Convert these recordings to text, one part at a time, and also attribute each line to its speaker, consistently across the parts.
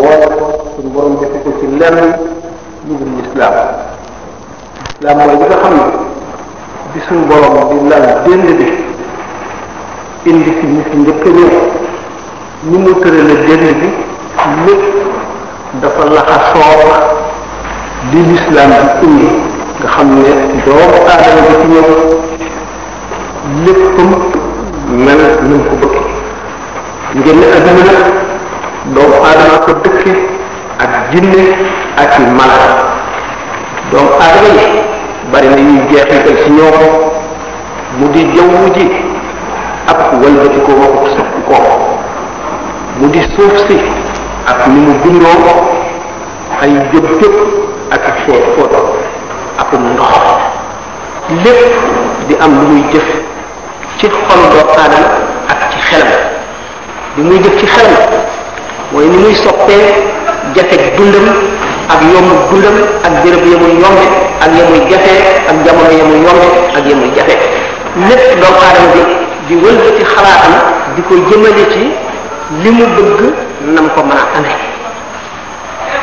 Speaker 1: moo suñu borom defe ko ci lenn lu dul lislaam lislaam mooy bi nga xam ne bi suñu borom di lal dénd bi indi fi ñu fi njëkk a ñëw ni mu tërale dénd bi lépp dafa laxasoo di lislaam bi indi nga xam ne doomu aadama bi ci ñëw léppam mel nañ ko bëgg ngeen ne adduna doomu aadama ko dëkke ak jinne ak i doomu aadama yi bari na ñuy jeexital ci ñoom mu di jaww ji ak wëlbati ko waxu sëpp ko mu di suuf si ak ni mu bindoo ay jëb jëb ak foot foot ak ndox lépp di am lu muy jëf ci xol doomu aadama ak ci xelam li muy jëf ci xelam mooy ni muy soppee jafeg dundam ak yomb dundam ak béréb ya muy yombe ak ya jafe ak jamono ya muy yombe ak ya muy jafe lépp doomu aadama bi di wëlbati xalaatam di ko jëmale ci li mu bëgg nam ko mën a amee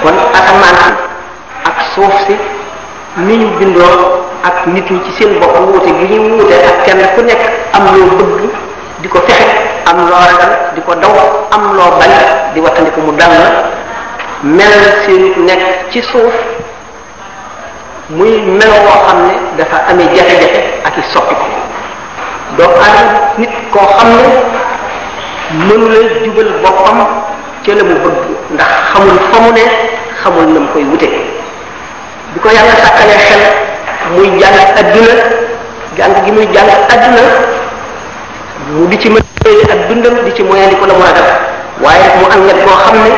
Speaker 1: kon asamaan ak suuf si ni ñu bindoo ak nit ñi ci seen bopp wuute gi ñu wuute ak kenn ku nekk am loo bëgg di ko fexe am loo ragal di ko daw am loo bañ di wattandiku mu dal la mel seen nekk ci suuf muy meloo woo xam ne dafa amee jafe-jafe ak i soppi ko doo aadam nit koo xam ne mënu la jubal boppam ca la mu bëgg ndax xamul fa mu ne xamul na mu koy wute bi ko yàlla sàkkalee xel muy jàng adduna jàng gi muy jàng adduna mu di ci mën ak dundam di ci di ko la mu ragal waaye mu am nget koo xam ne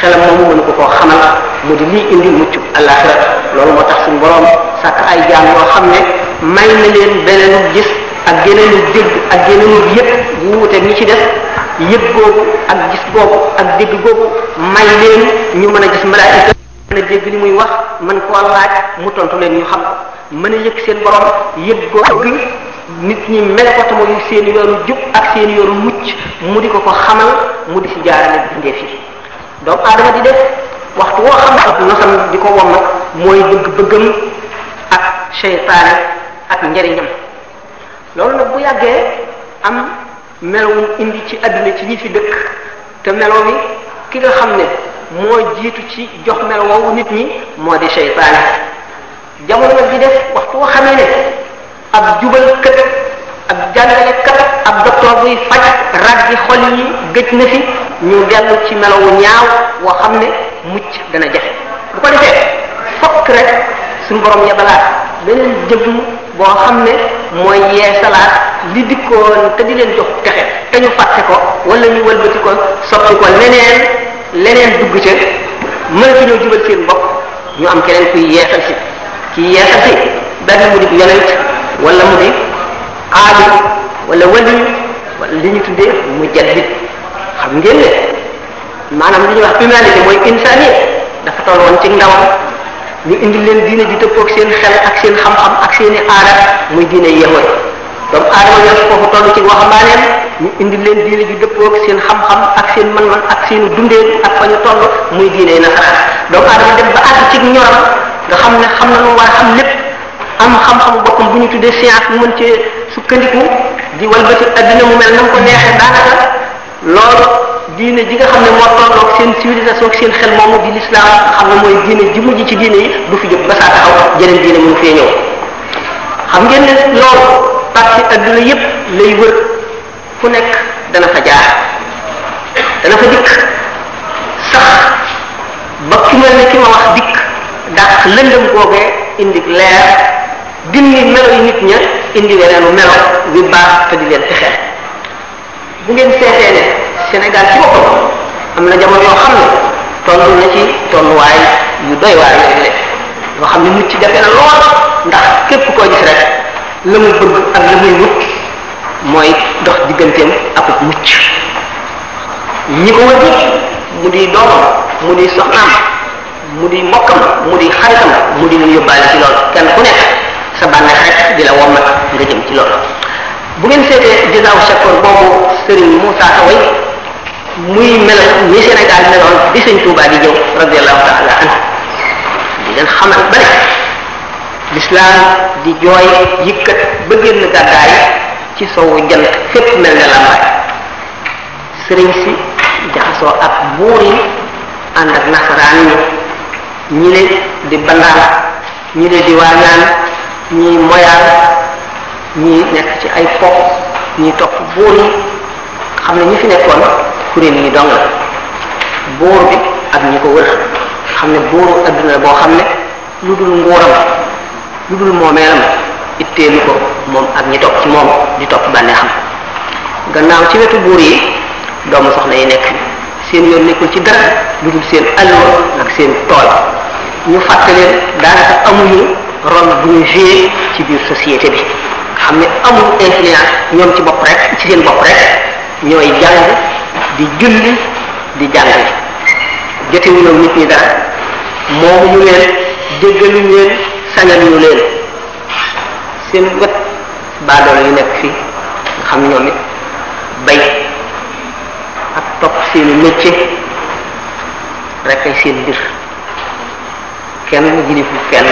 Speaker 1: xelam moomu mënu ko koo xamal mu di lii indi mucc àllaaxira loolu moo tax suñu borom sàkk ay jaam yoo xam ne may na leen beneen gis ak yeneen dégg ak yeneen yëpp bu wuuteeg ñi ci def yëg googu ak gis googu ak dégg googu may leen ñu mën a gis malaayika mën a dégg li muy wax mën koo laaj mu tontu leen ñu xam ko mën a yëg seen borom yëg googu nit ñi melekota mooy seen yoonu jub ak seen yoonu mucc mu di ko ko xamal mu di si jaarale bindee yi doomu aadama di def waxtu woo xam ko wommat mooy bëgg-bëggam ak ak njariñam loolu nag bu yàggee am melowum indi ci àdduna ci ñi fi dëkk te melo bi ki nga xam ne moo jiitu ci jox melo woowu nit ñi moo di seytaane jamono nag di def waxtu woo xamee ne ab jubal kët ab jàngale kat ab docteur buy faj raj bi xol yi gëj na fi ñu dellu ci melowu ñaaw woo xam ne mucc dana jafe bu ko defee fokk rek suñu borom yabalaat beneen jëmm boo xam ne mooy yeesalaat li dikkoon te di leen jox texe te ñu fàtte ko wala ñu wëlbati ko soppi ko leneen leneen dugg ca mën ci ñëw jubal seen bopp ñu am keneen kuy yeesal si kii yeesal si benn mu di yonent wala mu ne xaalis wala wali wala li ñu tuddee mujaddid xam ngeen ne maanaam li ñuy wax humanité mooy insaniyé dafa toll woon ci ndawam ñu indi leen diine ji dëppook seen seen xam-xam ak seeni aada muy diine yewoy doomu aadama ñoo indi leen diine ji dëppook seen xam ak seen man-man ak seenu dundee ak fa ñu toll muy diine nasaraan doomu aadama dem ba àgg ci ñoram nga xam ne xam na lu war xam lépp am xam-xamu boppam bu ñu tuddee science mu mën cee sukkandiku di walbati adduna mu mel na mu ko neexee daanaka loolu diine ji nga xam ne moo tolloog seen civilisation ak seen xel moomu di l'islam xam ne mooy diine ji mujj ci diine yi du fi jóg ba saa taxaw jeneen diine mu fee ñëw xam ngeen ne loolu parti adduna yépp lay wër ku nekk dana fa jaar dana fa dikk sax ba ki mel ne ki ma wax dikk ndax lëndëm googee indi leer dindi melo yi nit ña indi weneenu melo yu baax te di leen ci bu ngeen seetee ne Sénégal ci boppam am na jamono yoo xam ne toll na ci tolluwaay yu doy waar xam ne nit ci jafe lool ndax képp koo gis rek la muy bëgg ak la muy wut mooy dox digganteem ak mucc ñi ko wër mu di doomam mu di soxnaam mu di mbokkam mu di xaritam mu di yóbbaale ci loolu kenn ku nekk sa bànneex rek di la wommat nga jëm ci loolu bu ngeen seetee jazaaw shakoor boobu Serigne Moussa Awey muy melal ni Sénégal meloon bi sëñ Touba di jëw radiyallahu ta'ala anhu di leen xamal bari lislaam di jooy yëkkat ba génn gàddaay ci sow jant fépp mel ne lambaay sëriñ si jaxasoo ak buur yi ànd ak nasaraan yi ñi le di bandaan ñi le di waañaan ñii moyaal ñii nekk ci ay fo ñii topp buur yi xam ne ñi fi nekkoon kuréel yi dong la buur bi ak ñi ko wër xam ne buuru adduna la boo xam ne lu dul nguuram lu dul moomeelam itteelu ko moom ak ñi topp ci moom di topp bànnee xam gannaaw ci wetu buur yi doomu soxna yi nekk seen yoon nekkul ci dara lu dul seen alluwa ak seen tool ñu fàttaleen daanaka amuñu rôle bu ñuy joué ci biir société bi nga xam ne amul influence ñoom ci bopp rek ci seen bopp rek ñooy jàng di julli di jàngale jotewuñu nit ñi dara moomuñu leen jéggaluñu leen sañaluñu leen seen wet baadool yu nekk fii nga xam ne ñoom it bay ak topp seeni métier rek ay seen mbir kenn jilifu kenn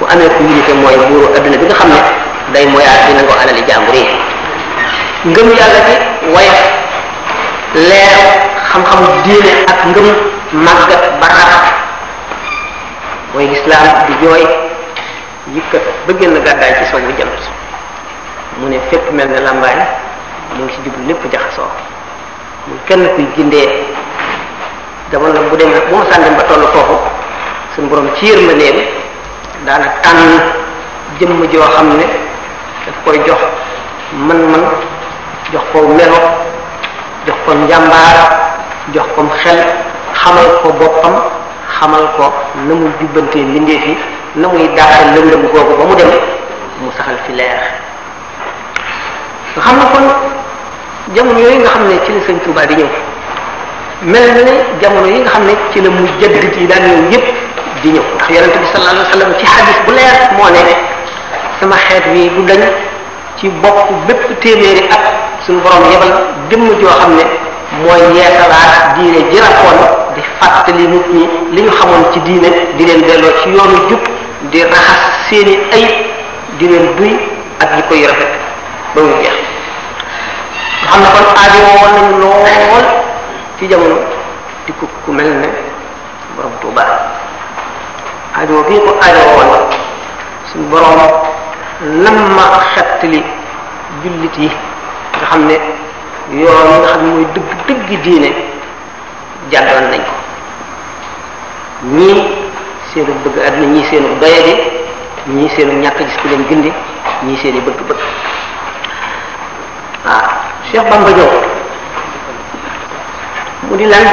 Speaker 1: bu amee ku yilite mooy buuru adduna bi nga xam ne day moyaat dina ko alali jàmbur yi ngëm yàlla ci wayaf leer xam-xamu diine ak ngëm màggat barax mooy lislaam di jooy yëkkat ba génn gàddaay ci sowu jant mu ne fépp mel ne làmbaay mu ngi ci jublu lépp jaxasoo mu kenn kuy gindee jamono bu demee bu ma sànni ba toll foofu suñu borom ciir ma néeg daanak tànn jëmm joo xam ne daf koy jox mën-mën jox ko melo jox ko njàmbaara jox ko xel xamal ko boppam xamal ko na mu jubbantee mbindeef na muy daaxal lëndëm googu ba mu dem mu saxal ci leer nga xam ne kon jamono xam ne ci la sëñ Tuubaa di ñëw mel jamono yi nga xam ne ci la mu jaddit yi daan yooyu yépp di ñëw ndax yonent bi sallallahu alayhi wa sallam ci xadis bu leer moo ne sama xeet wi du dañ ci bopp bépp téeméeri at suñu borom yebal jëmm joo xam ne mooy yeesalaat diine jërakoon di fàttali nit ñi li ñu xamoon ci diine di leen delloo ci yoonu jub di raxas seeni ayib di leen duy ak yi koy ba mu jeex nga xam ne kon aajo woon nañu lool ci jamono di ku ku mel ne borom Tuubaa ajoo gii ko ajoo woon suñu boroom lam ma xettali jullit yi nga xam ne yoon nga xam ne mooy dëgg dëgg diine jàddoon nañ ko ñii seenu bëgg àdduna ñii seenu doyadi ñii seenu ñàkk gis ku leen gindi ñii seeni bëgg-bëgg waaw ah, Cheikh Bamba mu di lan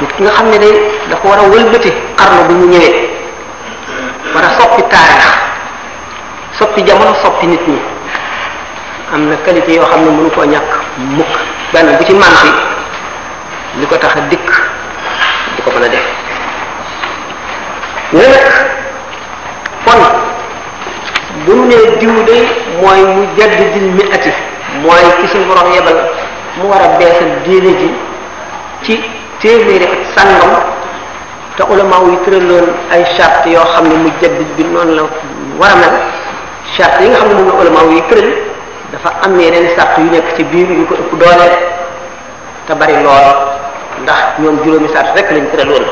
Speaker 1: nit ki nga xam ne day dafa war a wëlbati xarnu bi mu ñëwee war a soppi taarix soppi jamono soppi nit ñi am na qualité yoo xam ne mënu koo ñàkk mukk benn bu ci manti li ko tax a dikk du ko mën a def ñu nag kon bu ñu nee diw de mooy mu jadd dil mi mooy ki suñu borom yebal mu war a beesal diine ji ci téeméeri ak sàngam te ulama yi tëraloon ay charte yoo xam ne mujaddid bi noonu la war a mel charte yi nga xam ne moom la ulama yi tëral dafa am yeneen charte yu nekk ci biir yu ko ëpp doole te bari lool ndax ñoom juróomi charte rek lañ tëraloon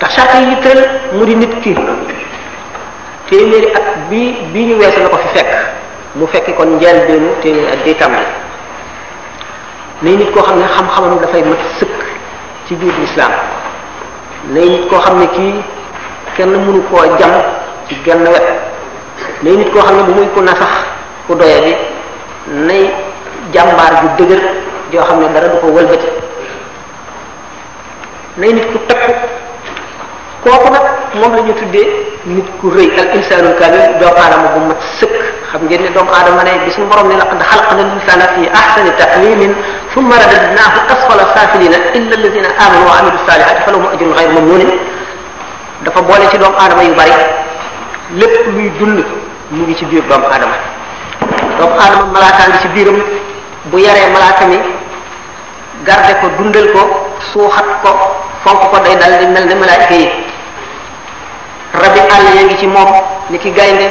Speaker 1: tax charte yi tëral mu di nit ki téeméeri at bii bii ñu weesu la ko fi fekk mu fekk kon njëlbéenu téeméeri at di tàmbali nay nit koo xam ne xam-xamam dafay mat sëkk ci biir lislaam nay nit koo xam ne kii kenn mënu koo jam ci genn wet nay nit koo xam ne bu muy a sax ku doye bi nay jàmbaar ju dëgër joo xam ne dara du ko wëlbati nay nit ku takku kooku nag moom lañu tuddee nit ku rëy al insaanul kaamil doomu aadama bu mat sëkk xam ngeen ne doomu aadama ne bi suñu borom ne laqad xalaqna al insaana fi ahsani taqwimin thumma radadnaahu asfala saafilina illa alladina amanu wa amilu saalihaati falahum ajrun ghayru mamnuun dafa boole ci doomu aadama yu bari lépp luy dund mu ngi ci biir doomu aadama doomu aadama malaaka ngi ci biiram bu yaree malaaka mi garde ko dundal ko suuxat ko fonk ko day dal di rabi àll ya ngi ci moom ni ki gaynde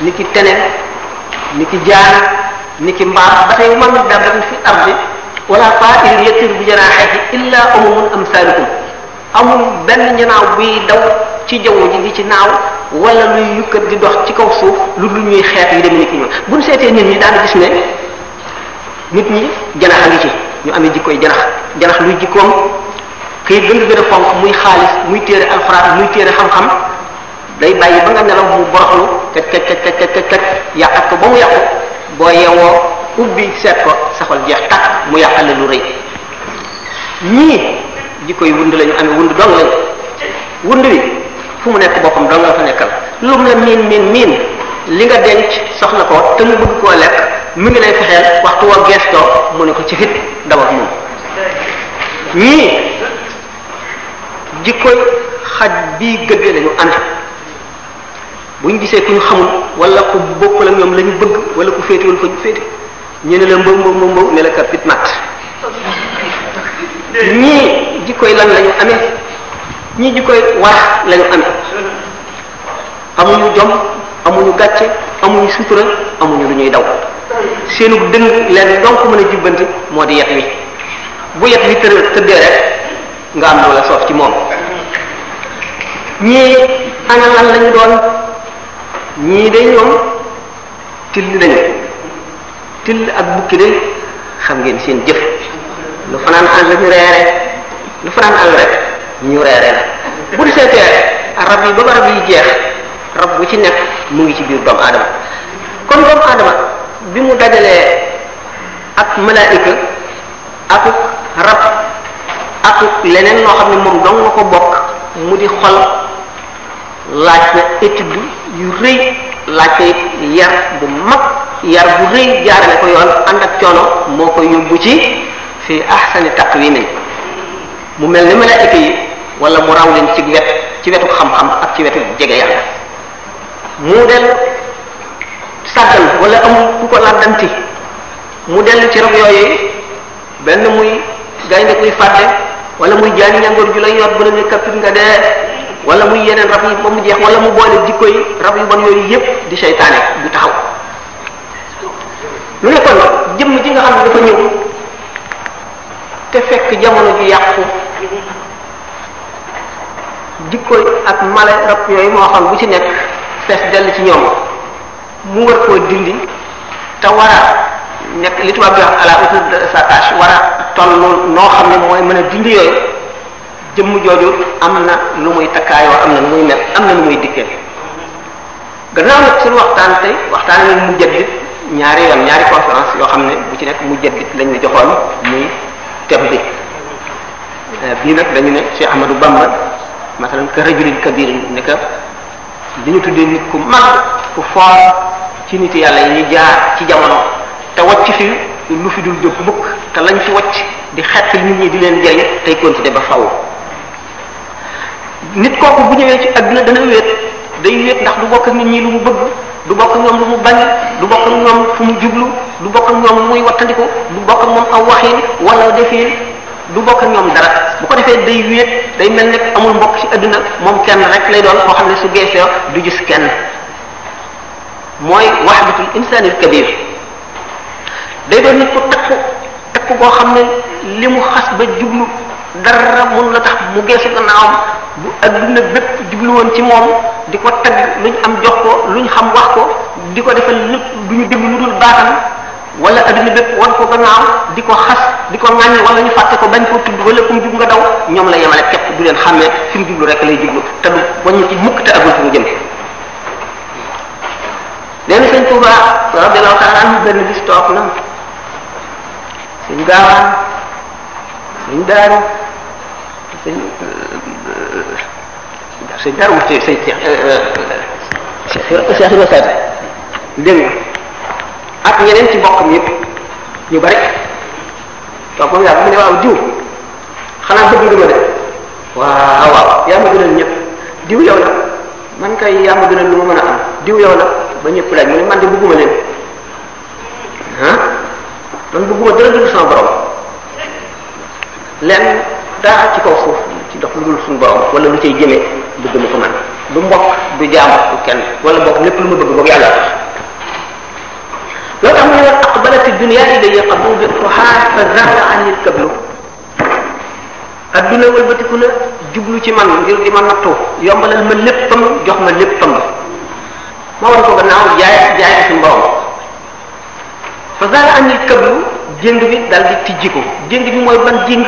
Speaker 1: ni ki tene ni ki jaan ni ki mbaam ba tey wa min dabbatin fi ardi wala ta'irin yatiru bi janahihi illa umamun amsalukum amul benn ñanaaw buy daw ci jaww ji ngi ci naaw wala luy yukkat di dox ci kaw suuf lu dul ñuy xeet yi demee ni ki bu ñu seetee nit ñi daan gis ne nit ñi janax a ngi ci ñu amee jikkoy janax janax luy jikkoom këyit gën nga gën muy xaalis muy téere alxuraan muy téere xam-xam day bàyyi ba nga nelaw mu boroxlu te te te te te te ko ba mu yàqu boo yeewoo ubbi seet ko saxol jeex takk mu yàqale lu rëy ñii di koy wund lañu amee wund dong lañu wund wi fu mu nekk boppam dong la fa nekkal lu mu la miin miin li nga denc soxna ko te mu bëgg koo lekk mu ngi lay fexeel waxtu woo geestoo mu ne ko ci fit dawak moom ñii jikkoy xaj bii gëddee lañu ànd bu ñu gisee ku ñu xamul wala ku bokkul ak ñoom la bëgg wala ku féetewul fa ñu féete ñu ne la mbaw mbaw mbaw mbaw ne la kat fit mat ñii jikkoy lan la ñu ñii jikkoy warax la ñu amuñu jom amuñu gàcce amuñu sutura amuñu lu ñuy daw seenu dëng leen donc mën a jubbanti moo di yet wi bu yet wi tëddee rek nga am loola soof ci moom ñii ana lañu doon ñii day ñoom till lañu till ak bukki de xam ngeen seen jëf lu fanaan àll ñu reere lu fanaan àll rek ñu reere la bu di seetee rab yi ba ba rab jeex rab bu ci nekk mu ngi ci biir doomu aadama kon doomu aadama bi mu dajalee ak malaayika ak rab ak leneen loo xam ne moom dong nga ko bokk mu di xol laaj na étude yu rëy laaj na yar bu mag yar bu rëy jaarale ko yoon ànd ak coono moo koy yóbbu ci fi ahsani taqwimin mu mel ni malaayika yi wala mu raw leen ci wet ci wetu xam-xam ak ci wetu jege yàlla mu dellu sàggal wala amul ku ko làddanti mu dellu ci rab yooyu benn muy gaynde kuy fàtte wala muy jaani ñangoor ju lay yor bu la ne kappit nga dee wala mu yeneen rab yi ba mu jeex wala mu boole jikko yi rab yu bon yooyu yépp di seytaane bu taxaw lu ne kon jëmm ji nga xam ne dafa ñëw te fekk jamono ju yàqu jikko ak mala rab yooyu moo xam bu ci nekk fees dell ci ñoom mu war koo dindi te war a nekk li tubaab di wax à la hauteur sa tâche war a toll noo xam ne mooy mën a dindi yooyu jëmm jooju am na lu muy takkaayoo am na lu muy mel am na lu muy dikkee gannaaw nag suñu waxtaan tey waxtaan nañ mu jaddit ñaari yoon ñaari conférence yoo xam ne bu ci nekk mu jaddit lañ la joxoon muy thème bi euh, bii nag dañu ne Cheikh Ahmadou Bamba masalan ka rajulin kabirin ne ka li ñu tuddee nit ku mag ku foor ci nit yàlla yi jaar ci jamono te wàcc fi lu fi dul jóg mukk te lañ fi wàcc di xettal nit ñi di leen jëriñ tey continuer ba faw nit kooku bu ñëwee ci àdduna dana wéet day wéet ndax du bokk ak nit ñi lu mu bëgg du bokk ak ñoom lu mu bañ du bokk ak ñoom fu mu jublu du bokk ñoom lu muy wattandiku du bokk ak moom aw waxin wala defin du bokk ak ñoom dara bu ko defee day wéet day mel ne amul mbokk ci àdduna moom kenn rek lay doon koo xam ne su geesee du gis kenn mooy wahdatul insanil kabir day doon nit ku takku takku boo xam ne li mu xas ba jublu dara mun la tax mu geesu gannaawam bu adduna bépp jublu woon ci moom di ko tagg lu ñu am jox ko lu ñu xam wax ko di ko defal lépp du ñu déglu lu dul baatam wala adduna bépp wan ko gannaaw di ko xas di ko ŋàññi wala ñu fàtte ko bañ ko tudd wala fu mu jub nga daw ñoom la yemale képp du leen xàmmee fi mu jublu rek lay jublu te du wañu ci mukk te agul fi mu jëm leen sëñ Touba radiyallahu ta'ala anhu benn bis toog na suñ gaawaan suñ daaru sëñ sëñ Darou Mouhty sëñ Cheikh Cheikh Ibrahima Sarr dégg nga ak ñeneen ci mbokkam yëpp ñu bari toog moom yàlla mu ne waaw diw xanaa bëgg nga ma de waaw waaw yaa ma gënal ñëpp diw yow la man kay yaa ma gënal lu ma mën a am diw yow la ba ñépp laaj mu ne man de bëgguma leen ah man bëgguma dara dugg sama borom lenn dara ci kaw suuf ci dox lu dul suñu borom wala lu cay jëmee bëgg mu ko man du mbokk du jaamu kenn wala bokk lépp lu ma bëgg boog yàlla loolu tax mu ne woon aqbalati dunya ilayya qabduha fa zaala anni al-kablu adduna wëlbatiku ci man ngir di ma nattu yombalal ma léppam jox ma léppam ma war ko gannaaw jaay jaay ko suñu borom fa zaala anni al-kablu bi dal di tijji ko jéng bi mooy ban jéng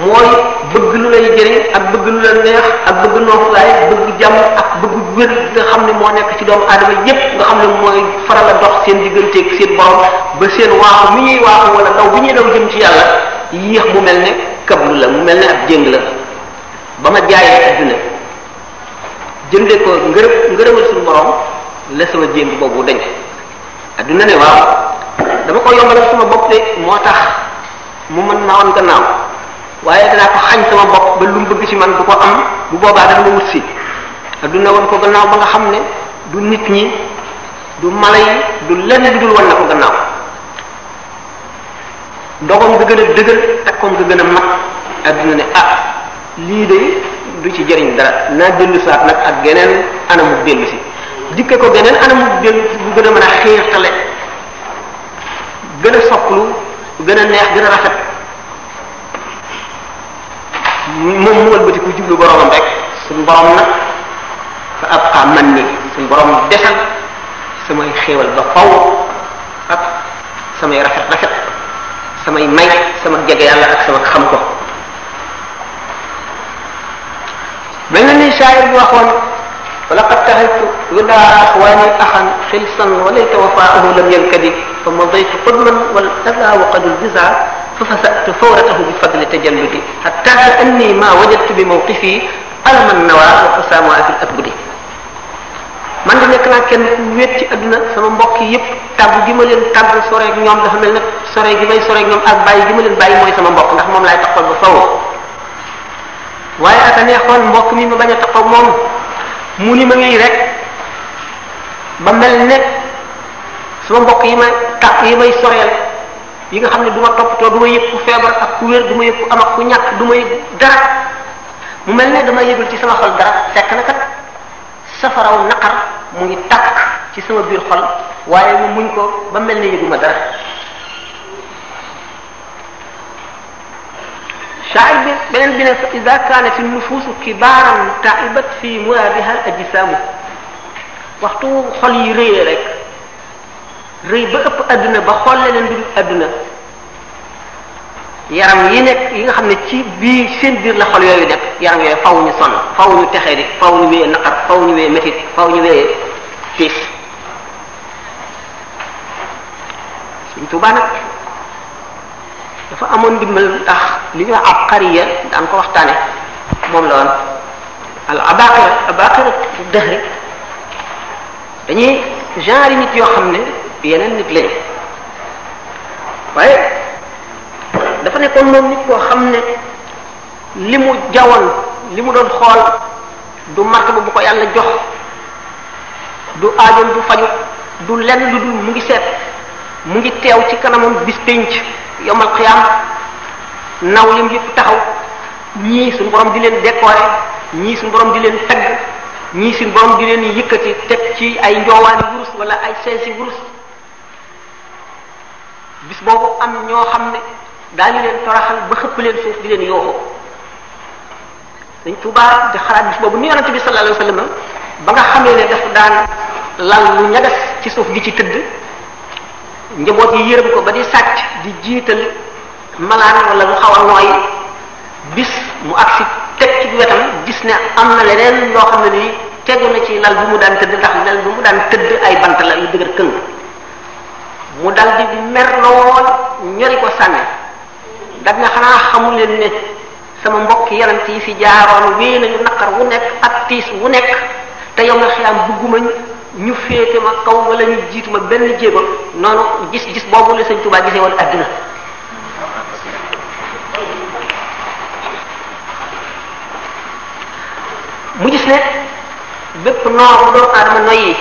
Speaker 1: mooy bëgg lu lay jëriñ ak bëgg lu la neex ak bëgg nooflaay bëgg jàmm ak bëgg wér nga xam ne moo nekk ci doomu aadama yépp nga xam ne mooy faral a dox seen digganteeg seen borom ba seen waaxu mi ñuy waaxu wala daw bi ñuy daw jëm ci yàlla yéex mu mel ne kablu la mu mel ne ab jëng la ba ma ko ngërëm ngërëmal suñu borom la sama jéng boobu dañ adduna ne waaw dama ko yombalal sama bopp moo tax mu mën naa woon gannaaw waaye danaa ko xañ sama bopp ba lu mu bëgg ci man bu ko am bu boobaa dana ma wut si adduna woon ko gannaaw ba nga xam ne du nit ñi du mala yi du lenn lu dul wan na ko gannaaw ndogom nga gën a dëgër takkoom nga gën a mag adduna ne ah lii de du ci jëriñ dara naa dellu saat nag ak geneen anamu dellu si dikke ko geneen anamu dellu bu gën a mën a xiirtale gën a sopplu gën a neex gën a rafet moom mu wëlbati ku jublu boromam rek suñ borom nag fa ab xaa man ni suñ borom desal samay xéewal ba faw ak samay rafet rafet samay may sama jege yàlla ak sama xam ko mel na ni shaayir bi waxoon walaqad tahaytu wila axwaani axan xilsan walayta wafaahu lam yankadi fa madaytu qudman wal ada waqadul jizaa fa fasatu fawratahu bi fadli tajalludi hatta ka anni ma wajadtu bi mawqifi alaman nawaa wa xusaamaa fi abudi man di nekk naa kenn ku wéet ci àdduna sama mbokk yëpp tàgg gi ma leen tàgg soreeg ñoom dafa mel nag sore gi may soreeg ñoom ak bàyyi gi ma leen bàyyi mooy sama mbokk ndax moom laay taxawal ba faw waaye aka neexoon mbokk mi ma bañ a taxaw moom mu ni ma ngiy rek ba mel ne sama mbokk yi may tàgg yi may soreel yi nga xam ne du ma toppatoo du ma yëg ku feebar ak ku wér du ma yëg ku am ak ku ñàkk du ma yëg dara mu mel ne dama yëgul ci sama xol dara fekk na kat safaraw naqar mu ngi takk ci sama biir xol waaye mu muñ ko ba mel ne yëguma dara shair bi beneen bi ne fa ida kaanat nufuusu kibaaran taibat fi muraadiha al ajsaamu waxtu xol yi rëyee rek rëy ba ëpp àdduna ba xool leneen lu dul àdduna yaram yi nekk yi nga xam ne ci bii seen biir la xol yooyu nekk yaram yooyu faw ñu sonn faw ñu texee di faw ñu wee naqar faw ñu wee métit faw ñu wee tiis suñ Tuubaa dafa amoon mu tax li ñuy wax daan ko waxtaane moom la woon al abaqira abaqira dëhri dañuy genre nit yoo xam ne yeneen nit lañ waaye dafa nekkoon moom nit koo xam ne li mu jawoon li mu doon xool du martaba bu ko yàlla jox du aajoon du faju du lenn lu dul mu ngi seet mu ngi teew ci kanamam bis pénc yomal xiyaam naw lim yëpp taxaw ñii su borom di leen décorer ñii su borom di leen tagg ñii suñu borom di leen yëkkati teg ci ay njoowaan wurus wala ay seesi wurus bis boobu am ñoo xam ne daal daañu leen toraxal ba xëpp leen suuf di leen yooxu dañ tubaab di xalaat bis boobu ni yonente bi sallallahu alayhi wasallam ba nga xamee ne daf daan lal lu ñagas ci suuf gi ci tëdd njaboot yi yërëm ko ba di sàcc di jiital malaan wala lu xaw a nooy bis mu ak teg ci wetam gis ne am na leneen loo xam ne nii tegu na ci lal bu mu daan tëdd ndax lal bu mu daan tëdd ay bant la yu dëgër këng mu dal di mer lool ñori ko sànni dag na xanaa xamu leen ne sama mbokk yonent yi fi jaaroon wéy nañu naqar wu nekk ak tiis wu nekk te yow na xiyam bugguma ñu féete ma kaw wala ñu ma benn jéego noonu gis-gis boobu la sëñ Tuubaa gisee woon mu gis ne bépp noor bu aadama noyyi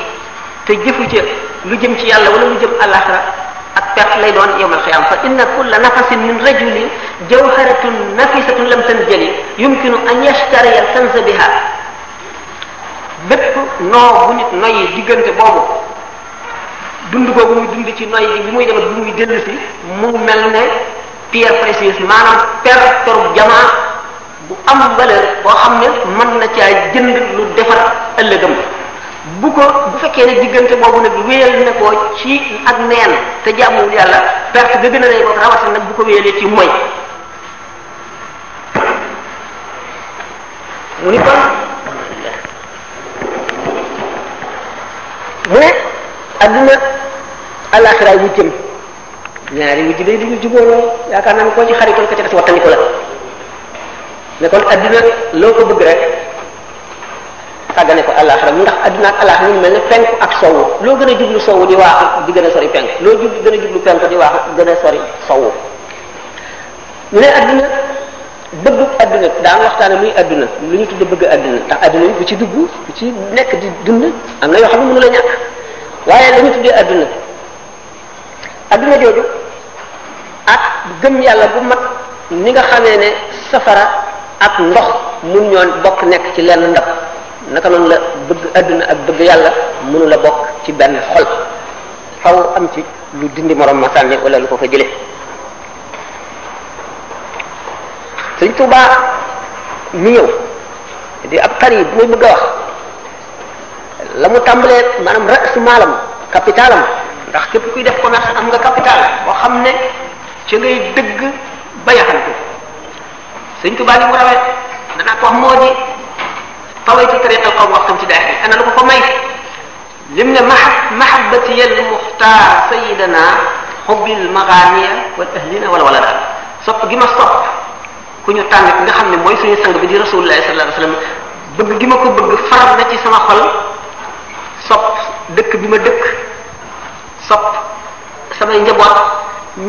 Speaker 1: te jëfu ca lu jëm ci yàlla wala lu jëm àllaaxira ak perte lay doon yowmal xiyaam fa inna kulla nafasin min rajulin jawharatun nafisatun lam tanjali yumkinu an seen kanza biha bépp noo bu nit noyyi diggante boobu dund googu muy dund ci noyyi bi muy demat bu muy dellu si mu mel ne pierre précieuse maanaam pertorub jamaa bu am valeur boo xam ne mën na ay jënd lu defar ëllëgam bu ko bu fekkee ne diggante boobu nag wéyal na ko ci ak neen te jàmmul yàlla perte ga gën a rey ko rawatina nag bu ko wéyalee ci mooy mu ni kon mu ne adduna alaxira wu jëm ñaari wu jibee duñu jubóoloo yaakaar naa ne koo ci xaritoon ka ca des wattani ko la ne kon loo ko bëgg rek tàggane ko àllaaxira ndax adduna ak àllaaxira ñu ngi mel ne penk ak sowu loo gën a jublu sowu di waaxu di gën a sori penku loo jublu gën a jublu penku di waaxu gën a sori sowu ñu ne adduna bëgg adduna daan waxtaane muy adduna lu ñu tudde bëgg adduna ndax adduna bi bu ci dugg bu ci nekk di dund am na yoo xam ne mënu la ñàkk waaye la ñu tuddee adduna adduna jooju ak gëm yàlla bu mat ni nga xamee ne safara ak ndox mun ñoo bokk nekk ci lenn ndab naka noonu la bëgg àdduna ak bëgg yàlla mënu la bokk ci benn xol faw am ci lu dindi morom ma sànni wala lu ko fa jële Sëriñ Tuubaa mi ñëw di ab xar yi bu muy bëgg a wax la mu tàmbalee maanaam rasu maalam capitalam ndax képp kuy def commerce am nga capital boo xam ne ci ngay dëgg ba yaxantu Sëriñ Tuubaa li mu rawee danaa ko wax moo di طويت طريق القوم واختمت داخلي أنا لكم فمي لمن محب محبتي المختار سيدنا حب المغاني والأهلين والولدات sopp gi ma sopp ku ñu tànn ki nga xam ne mooy suñu sang bi di rasulullah sallallahu alayhi wasallam bëgg gi ma ko bëgg faral sama xol bi ma dëkk sopp samay njaboot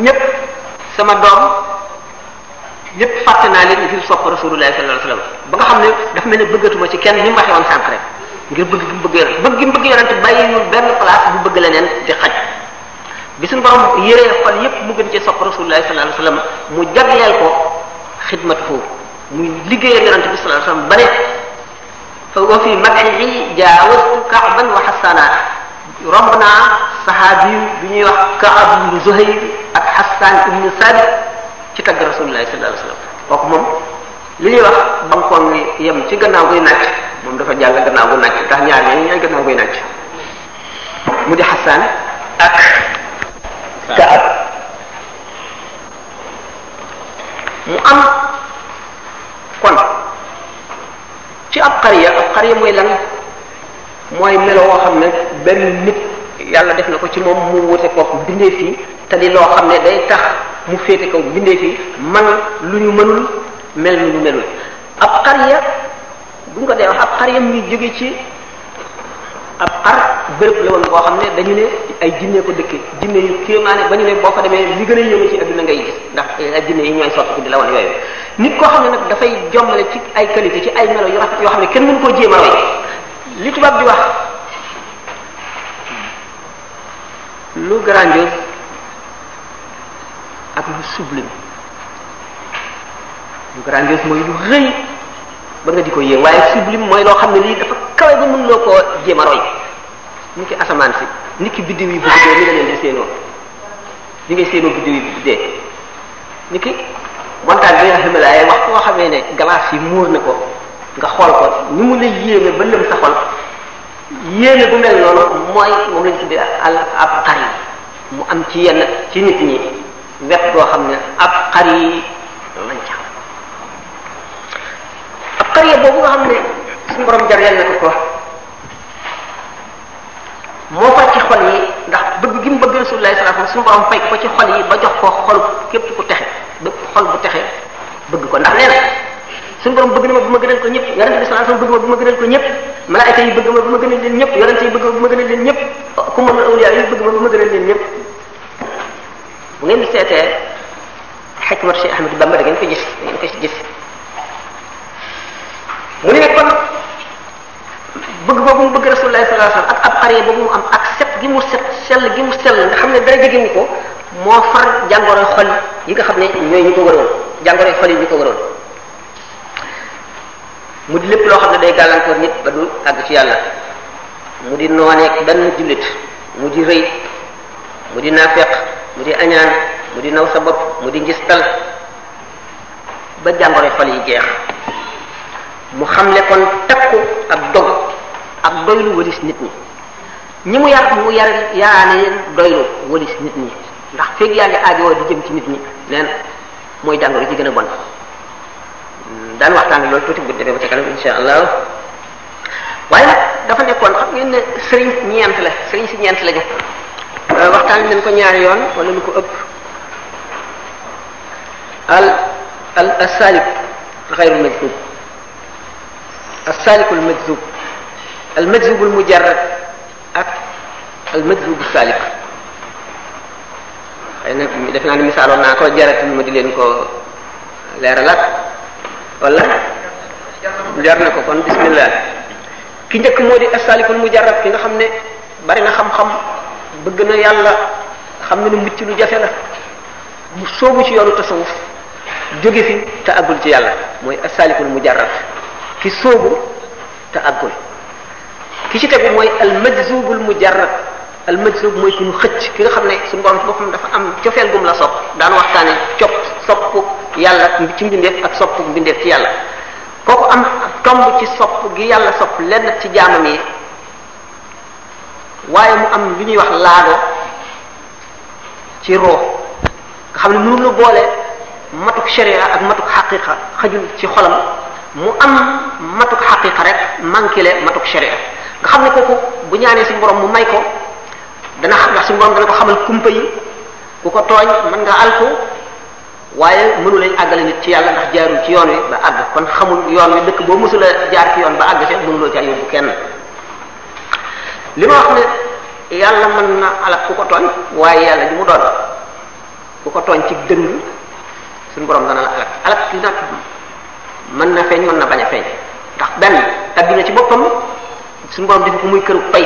Speaker 1: ñépp sama doom yépp fàtte naa leen ngir sopp rasulullahi sallallahu alayhi nga xam ne dafa mel ne bëggatuma ci kenn ni mu waxee rek ngir bëgg gi mu bëgg yonent bëgg gi mu bëgg yonent bàyyi ñu benn place bu bëgg leneen di xaj bi suñu borom yëree xol yëpp mu gën ci sopp rasulullahi sallallahu alayhi wasallam mu jagleel ko xidmatu foofu muy liggéeyal yonent bi sallallahu alayhi wasallam ba ne fa wa fi madhihi jaawastu ka'ban wa xassana romb naa sahaabi bi ñuy wax kaab ibnu zuhayr ak xassan ibnu sabit ci tagg rasulullahi sallallahu alayhi wasallam kooku moom li ñuy wax bankoon ni yem ci gannaaw guy nàcc moom dafa jàll gannaaw gu nàcc ndax ñaar ñooñu ñooy gannaaw guy nàcc mu di xasaan ak kaab mu am kon ci ab xariya ab xariya mooy lan mooy melo woo xam ne benn nit yàlla def na ko ci moom mu wute kooku bindee fii te di loo xam ne day tax mu féete kaw bindee fi man lu ñu mënul mel lu ñu melul ab xariya bu ñu ko dee wax ab xariya mu ngi jóge ci ab xar béréb la woon boo xam ne dañu ne ay jinne ko dëkk jinne yu kéemaane ba ñu ne boo fa demee li gën a yëngu ci adduna ngay yi ndax ay jinne yi ñooy sotti di la woon nit koo xam ne nag dafay jombale ci ay qualité ci ay melo yu rafet yoo xam ne kenn mënu koo jéem a roy li tubaab di wax lu grandiose ak lu sublime mooy lu rëy ba nga di ko yéem waaye sublime mooy loo xam ne lii dafa kawe ba mën loo koo jéem a ni ki asamaan si ni ki biddiw yi bu guddee ni nga leen di séenoo ni ngay ki montagne bi nga xam ne laay wax koo xamee ne glace yi muur na ko nga xool ko ni mu la yéeme ba lëm sa xol yéeme bu mel noonu mooy moom lañ tuddee al ab xari mu am ci yenn ci nit ñi wet goo xam ne ab xari lañ ca xam ab xariya boobu nga xam ne suñu borom jagleel na ko ko moo faj ci xol yi ndax bëgg gi mu bëgg Rasulullah ba jox ko xol képp ku texe bépp xol bu texe bëgg ko ndax nee na suñu bëgg na ma bu ma gënal ko ñëpp yonente bi sallallahu ma bu ma gënal ko leen ñëpp yonente yi ma bu ma leen ñëpp ku mën awliya yi bëgg ma bu ma gënal leen ñëpp bu ngeen di seetee xikmat Cheikh Ahmadu Bamba da ngeen ko gis da ngeen ko gis mu ne nag kon bëgg boobu mu bëgg Rasulullah sallallahu alayhi ab xaree boobu mu am ak set gi mu set sell gi mu sell nga xam ne dara jege mu ko moo far jàngoro xol yi nga xam ne ñooy ñu ko wëroon jàngoro xol yi ñu ko wëroon mu di lépp loo xam ne day gàllankoor nit ba du àgg ci yàlla mu di nooneek benn jullit mu di rëy mu di naafeq mu di añaan mu di naw sa bopp mu di njistal ba jàngoro xol yi jeex mu xam kon takku ak dog ak doylu wëlis nit ñi ñi mu yar mu yar yaane leen doylu wëlis nit ñi ndax feeg yaa ngi aajowoo di jëm ci nit ñi nee na mooy jàngoro ji gën a bon hmm, daan waxtaan loolu tuuti bu demee ba ca kanam insha allah waaye dafa nekkoon xam ngeen ne sëriñ ñeent la sëriñ si ñeent la ñu Euh, waxtaan nañ ko ñaari yoon wala lu ko ëpp al al asalik xayrul majdub asalikul al majdubul mujarrad ak al majdubu salik xëy def naa ne misaaloon naa ko jaratu ma di leen ko leeralaat wala jar na ko kon bismillah ki njëkk moo di asalikul mujarrad ki nga xam ne bari na xam-xam bëgg na yàlla xam ne ne mucc lu jafe la mu soobu ci yoonu tasawuf jóge fi te àggul ci yàlla mooy asaalikul mujarrad ki soobu te àggul ki ci tegu mooy almajzubul mujarrad almajzub mooy suñu xëcc ki nga xam ne suñu xam ne dafa am cofeel gum la sopp daan waxtaane cop sopp yàlla ci mbindeef ak sopp mbindeef ci yàlla kooku am tomb ci sopp gi yàlla sopp lenn ci jaamam yi waaye mu am lu ñuy wax laalo ci roo nga xam ne mënu la boole matuk sharia ak matuk xaqiqa xajul ci xolam mu am matuk xaqiqa rek manqué le matuk sharia nga xam ne kooku bu ñaanee suñu borom mu may ko dana xam ndax suñu borom dana ko xamal kumpa yi ku ko tooñ mën nga alko waaye mënu lañ àggale nit ci yàlla ndax jaarul ci yoon wi ba àgg kon xamul yoon wi dëkk boo mësula jaar ci yoon ba àgg ca mënuloo caa yóbbu kenn li ma wax ne yàlla mën na alak ku ko tooñ waaye yàlla ji mu doon ku ko tooñ ci dëng suñu borom dana la alak alak mën na feeñ mën na bañ a feeñ ndax benn adduna ci boppam suñu borom def ko muy këru fay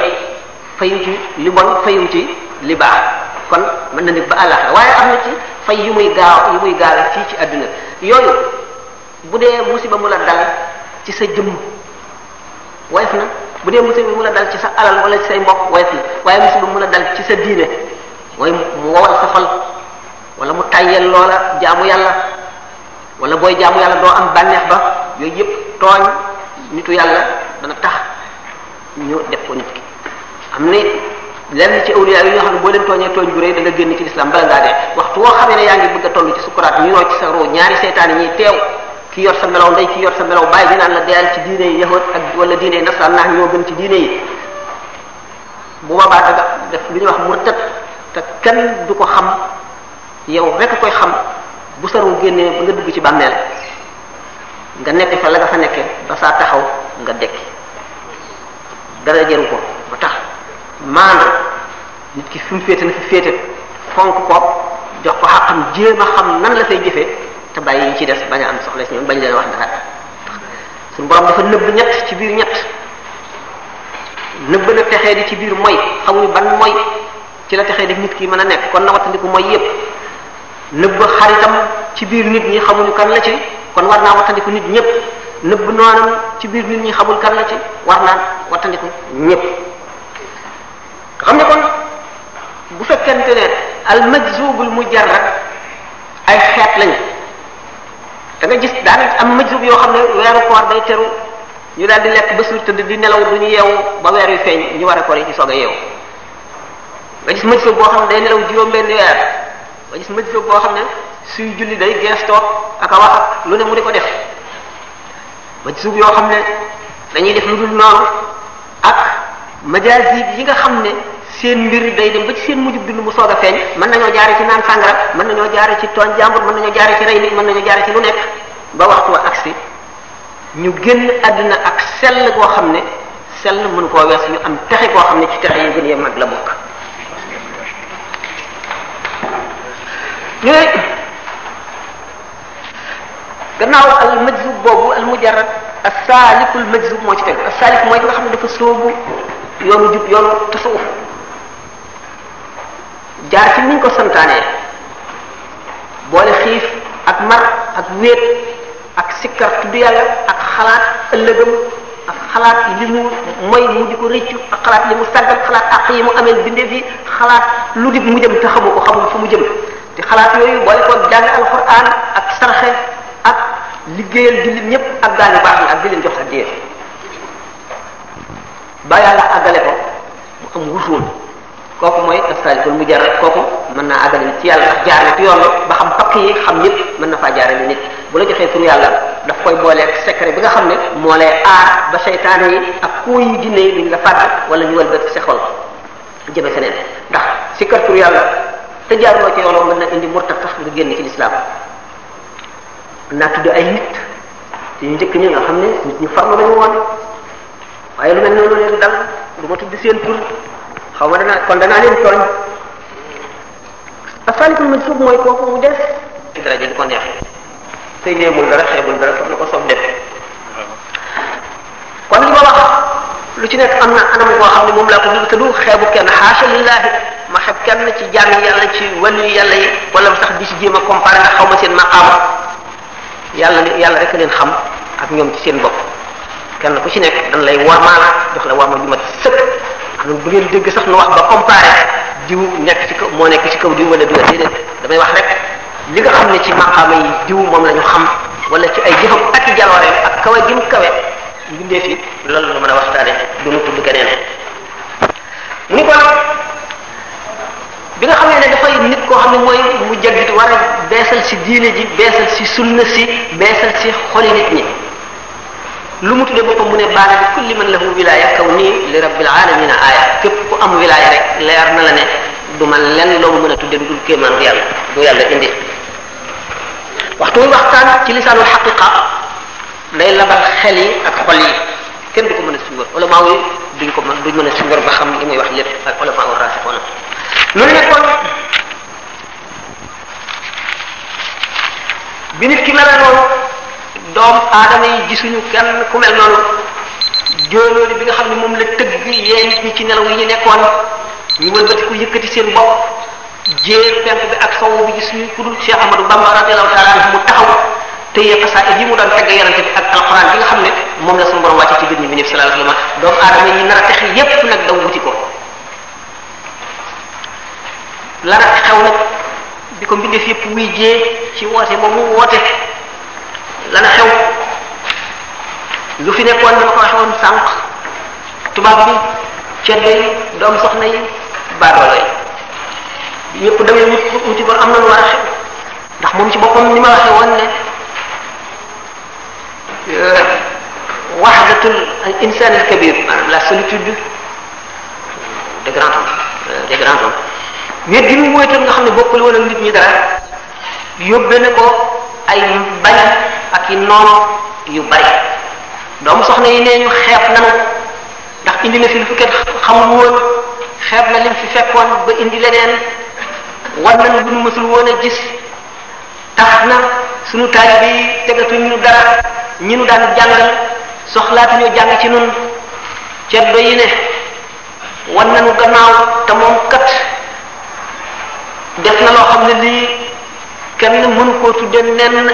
Speaker 1: fayu ci li bon fayu ci li baax kon mën na nit ba àllaxira waaye am na ci fay yu muy gaaw yu muy gaawe fii ci adduna yooyu bu dee ba mu la dal ci sa jëmm woyof na bu dee musiba mu la dal ci sa alal wala ci say mbokk woyof la waaye musiba mu la dal ci sa diine mooy mu wowal sa xol wala mu tàyyel loola jaamu yàlla wala booy jaamu yàlla doo am bànneex ba yooyu yëpp tooñ nit yàlla dana tax ñu def ko nit ki am ni lenn ci awliya yi xam ne boo leen tooñee tooñ bu rëy da génn ci lislaam bala ngaa dee waxtu woo xamee ne yaa ngi bëgg a toll ci sukuraat ñu rocc sa roo ñaari seytaan yi ñuy teew ki yor sa melow ndey ki yor sa melaw bàyyi ñu la deyal ci diine yi yahud ak wala diine yi nasaraan ndax ñoo gën ci diine yi bu boobaa da nga def li wax murtad te kenn du ko xam yow rek koy xam bu saru génnee ba nga dugg ci bàmmeel nga nekk fa la nga fa nekkee ba saa taxaw nga dekki dara jëru ko ba tax maanaam nit ki fi mu féete fi féete fonk ko jox ko xaqam jéem a xam nan la fay jëfee te bàyyi ñu ci def bañ a am soxla si ñoom bañ leen wax dara suñu borom dafa nëbb ñett ci biir ñett nëbb na texee di ci biir mooy xamuñu ban mooy ci la texee di nit ki mën a nekk kon na wattandiku mooy yépp nëbb xaritam ci biir nit ñi xamuñu kan la ci kon war naa wattandiku nit ñëpp nëbb noonam ci biir nit ñi xamul kan la naa wattandiku ñëpp nga xam ne kon bu fekkente ne al majzubul ay xeet lañu da nga gis daanaka am majrub yoo xam ne weeru koor day teru ñu daal di lekk ba suur tëdd di nelaw du ñu yeewu ba weer feeñ ñu war a koor yi ci soog a yeewu nga gis majrub boo xam ne day nelaw juróom-benn weer nga gis majrub boo xam ne suy julli day gees toog ak a wax lu ne mu di ko def majrub yoo xam ne dañuy def lu dul noonu ak majaas yi nga xam ne seen mbir day dem ba ci seen mujjub dund mu soog a feeñ mën nañoo jaare ci naan sàngara mën nañoo jaare ci tooñ jàmbur mën nañoo jaare ci rey nit mën nañoo jaare ci lu nekk ba waxtu wa agsi ñu génn àddina ak sell koo xam ne sell mënu koo wees ñu am texe koo xam ne ci texe yi gën yee mag la bokk ñu ne gannaaw al majzub boobu al mujarrad as saalikul majzub moo ci teg as saalik mooy ki nga xam ne dafa sóobu yoonu jub yoonu tasawuf jaar ci niñ ko santaanee boole xiif ak mar ak wéet ak sikkar tudd yàlla ak xalaat ëllëgam ak xalaat li mu mooy mu di ko rëccu ak xalaat li mu sàggal xalaat àq yi mu ameel bindeef yi xalaat lu di mu jëm te ko xamul mu jëm te xalaat yooyu boole ko jàng alquran ak sarxe ak liggéeyal jullit ñépp ak daal yu baax yi ak di leen jox addiya ba yàlla àggale ko mu am wusoon kooku mooy tasaaliful mujarrad kooku mën naa àggali ci yàlla ndax jaar na ci yoon ba xam pakk yi xam yëpp mën na faa jaarale nit bu la joxee turu yàlla daf koy booleeg secret bi nga xam ne moo lay aar ba seytaane yi ak kuu yi jinne yi duñ la fàdd wala ñu wëlbati sa xol jëme feneen ndax si kër yàlla te jaaruloo ci yoonoo mën na indi murtad sax nga génn ci lislaam naa tudd ay nit ñu njëkk ñi nga xam ne nit ñu farlu lañu woon waaye lu mel noonu seen tur xaw ma danaa kon danaa leen tooñ asaalikul ma suub mu def ci dara jël ko neex tey néewul def kon li ma wax lu ci nekk am na anam koo xam ne moom laa ko bëgg te du xeebu kenn xaasha lillahi ma xeeb kenn ci jaami yàlla ci wàllu yàlla yi wala sax di si jéem a comparé nga xaw ma seen maqaama yàlla yàlla rek leen xam ak ñoom ci seen bopp kenn ku ci nekk dañ lay warmaala jox la warma ju mat sëkk loolu bu ngeen dégg sax nu wax ba comparé diw nekk ci kaw moo nekk ci kaw diw wala diw déedéet damay wax rek li nga xam ne ci maqaama yi diw moom la xam wala ci ay jëfam ak i jalooreem ak kawe gi mu kawe mbindee la mën a waxtaane du mu tudd keneen ni bi nga xam ne dafay nit koo xam ne mooy mu jaggit war a beesal si diine ji beesal si na si beesal si xoli nit ñi lu mu tuddee boppam mu ne baana bi kulli man lahu wilaya kaw nii li rabbil alamina aaya képp ku am wilaya rek leer na la ne du ma lenn loo mën a tuddee lu dul kéemaan bu yàlla bu yàlla indi waxtu muy waxtaan ci lisaanul xaqiqa day labal xel yi ak xol kenn du ko mën a suñu wala maa ko mën duñ mën a suñu ba xam li muy wax lépp ak wala maa ngi ràcceekoon lu nekkoon bi nit ki mel noonu. doom aadama yi gisuñu kenn ku mel noonu jóolóoli bi nga xam ne moom la tëgg yee nit ñi ci nelaw yi ñu nekkoon ñu wëlbatiku yëkkati seen bopp jéer penk bi ak sowu bi gisuñu ku dul Cheikh Amadou Bamba radiyallahu taala anhu mu taxaw te yee xasaay yi mu doon tagg yarante bi ak alxuraan bi nga xam ne moom la suñu borom wàcce ci biir ñu bi nef sallallahu alayhi wa sallam doomu aadama yi nar a texe yépp nag daw wuti ko lara xew nag bi ko mbindeef yépp wuy jee ci woote moomu woote lana xew lu fi nekkoon dama ko waxoon sànq tubaab bi ceddo yi doom soxna yi baaroola yi ñëpp demee wut wuti ba am na lu war a xew ndax moom ci boppam ni ma waxe woon ne euh, wahdatul insan al kabir la solitude des grands hommes euh, des grands hommes nit gi mu wéetal nga xam ne bokkul woon ak nit ñi dara yóbbe na ko ay bañ ak i noon yu bari doomu soxna yi nee ñu xeeb nanu ndax indi na fi lu fi kenn xamul woon xeeb na lim fi fekkoon ba indi leneen wan nañ bu ñu mësul woon a gis tax na sunu taaj bi tegatuñ ñu dara ñi nu daan jàngal soxlaatuñu jàng ci nun ceddo yi ne wan nañu gannaaw te kat def na loo xam ne lii kenn mënu koo tudde nenn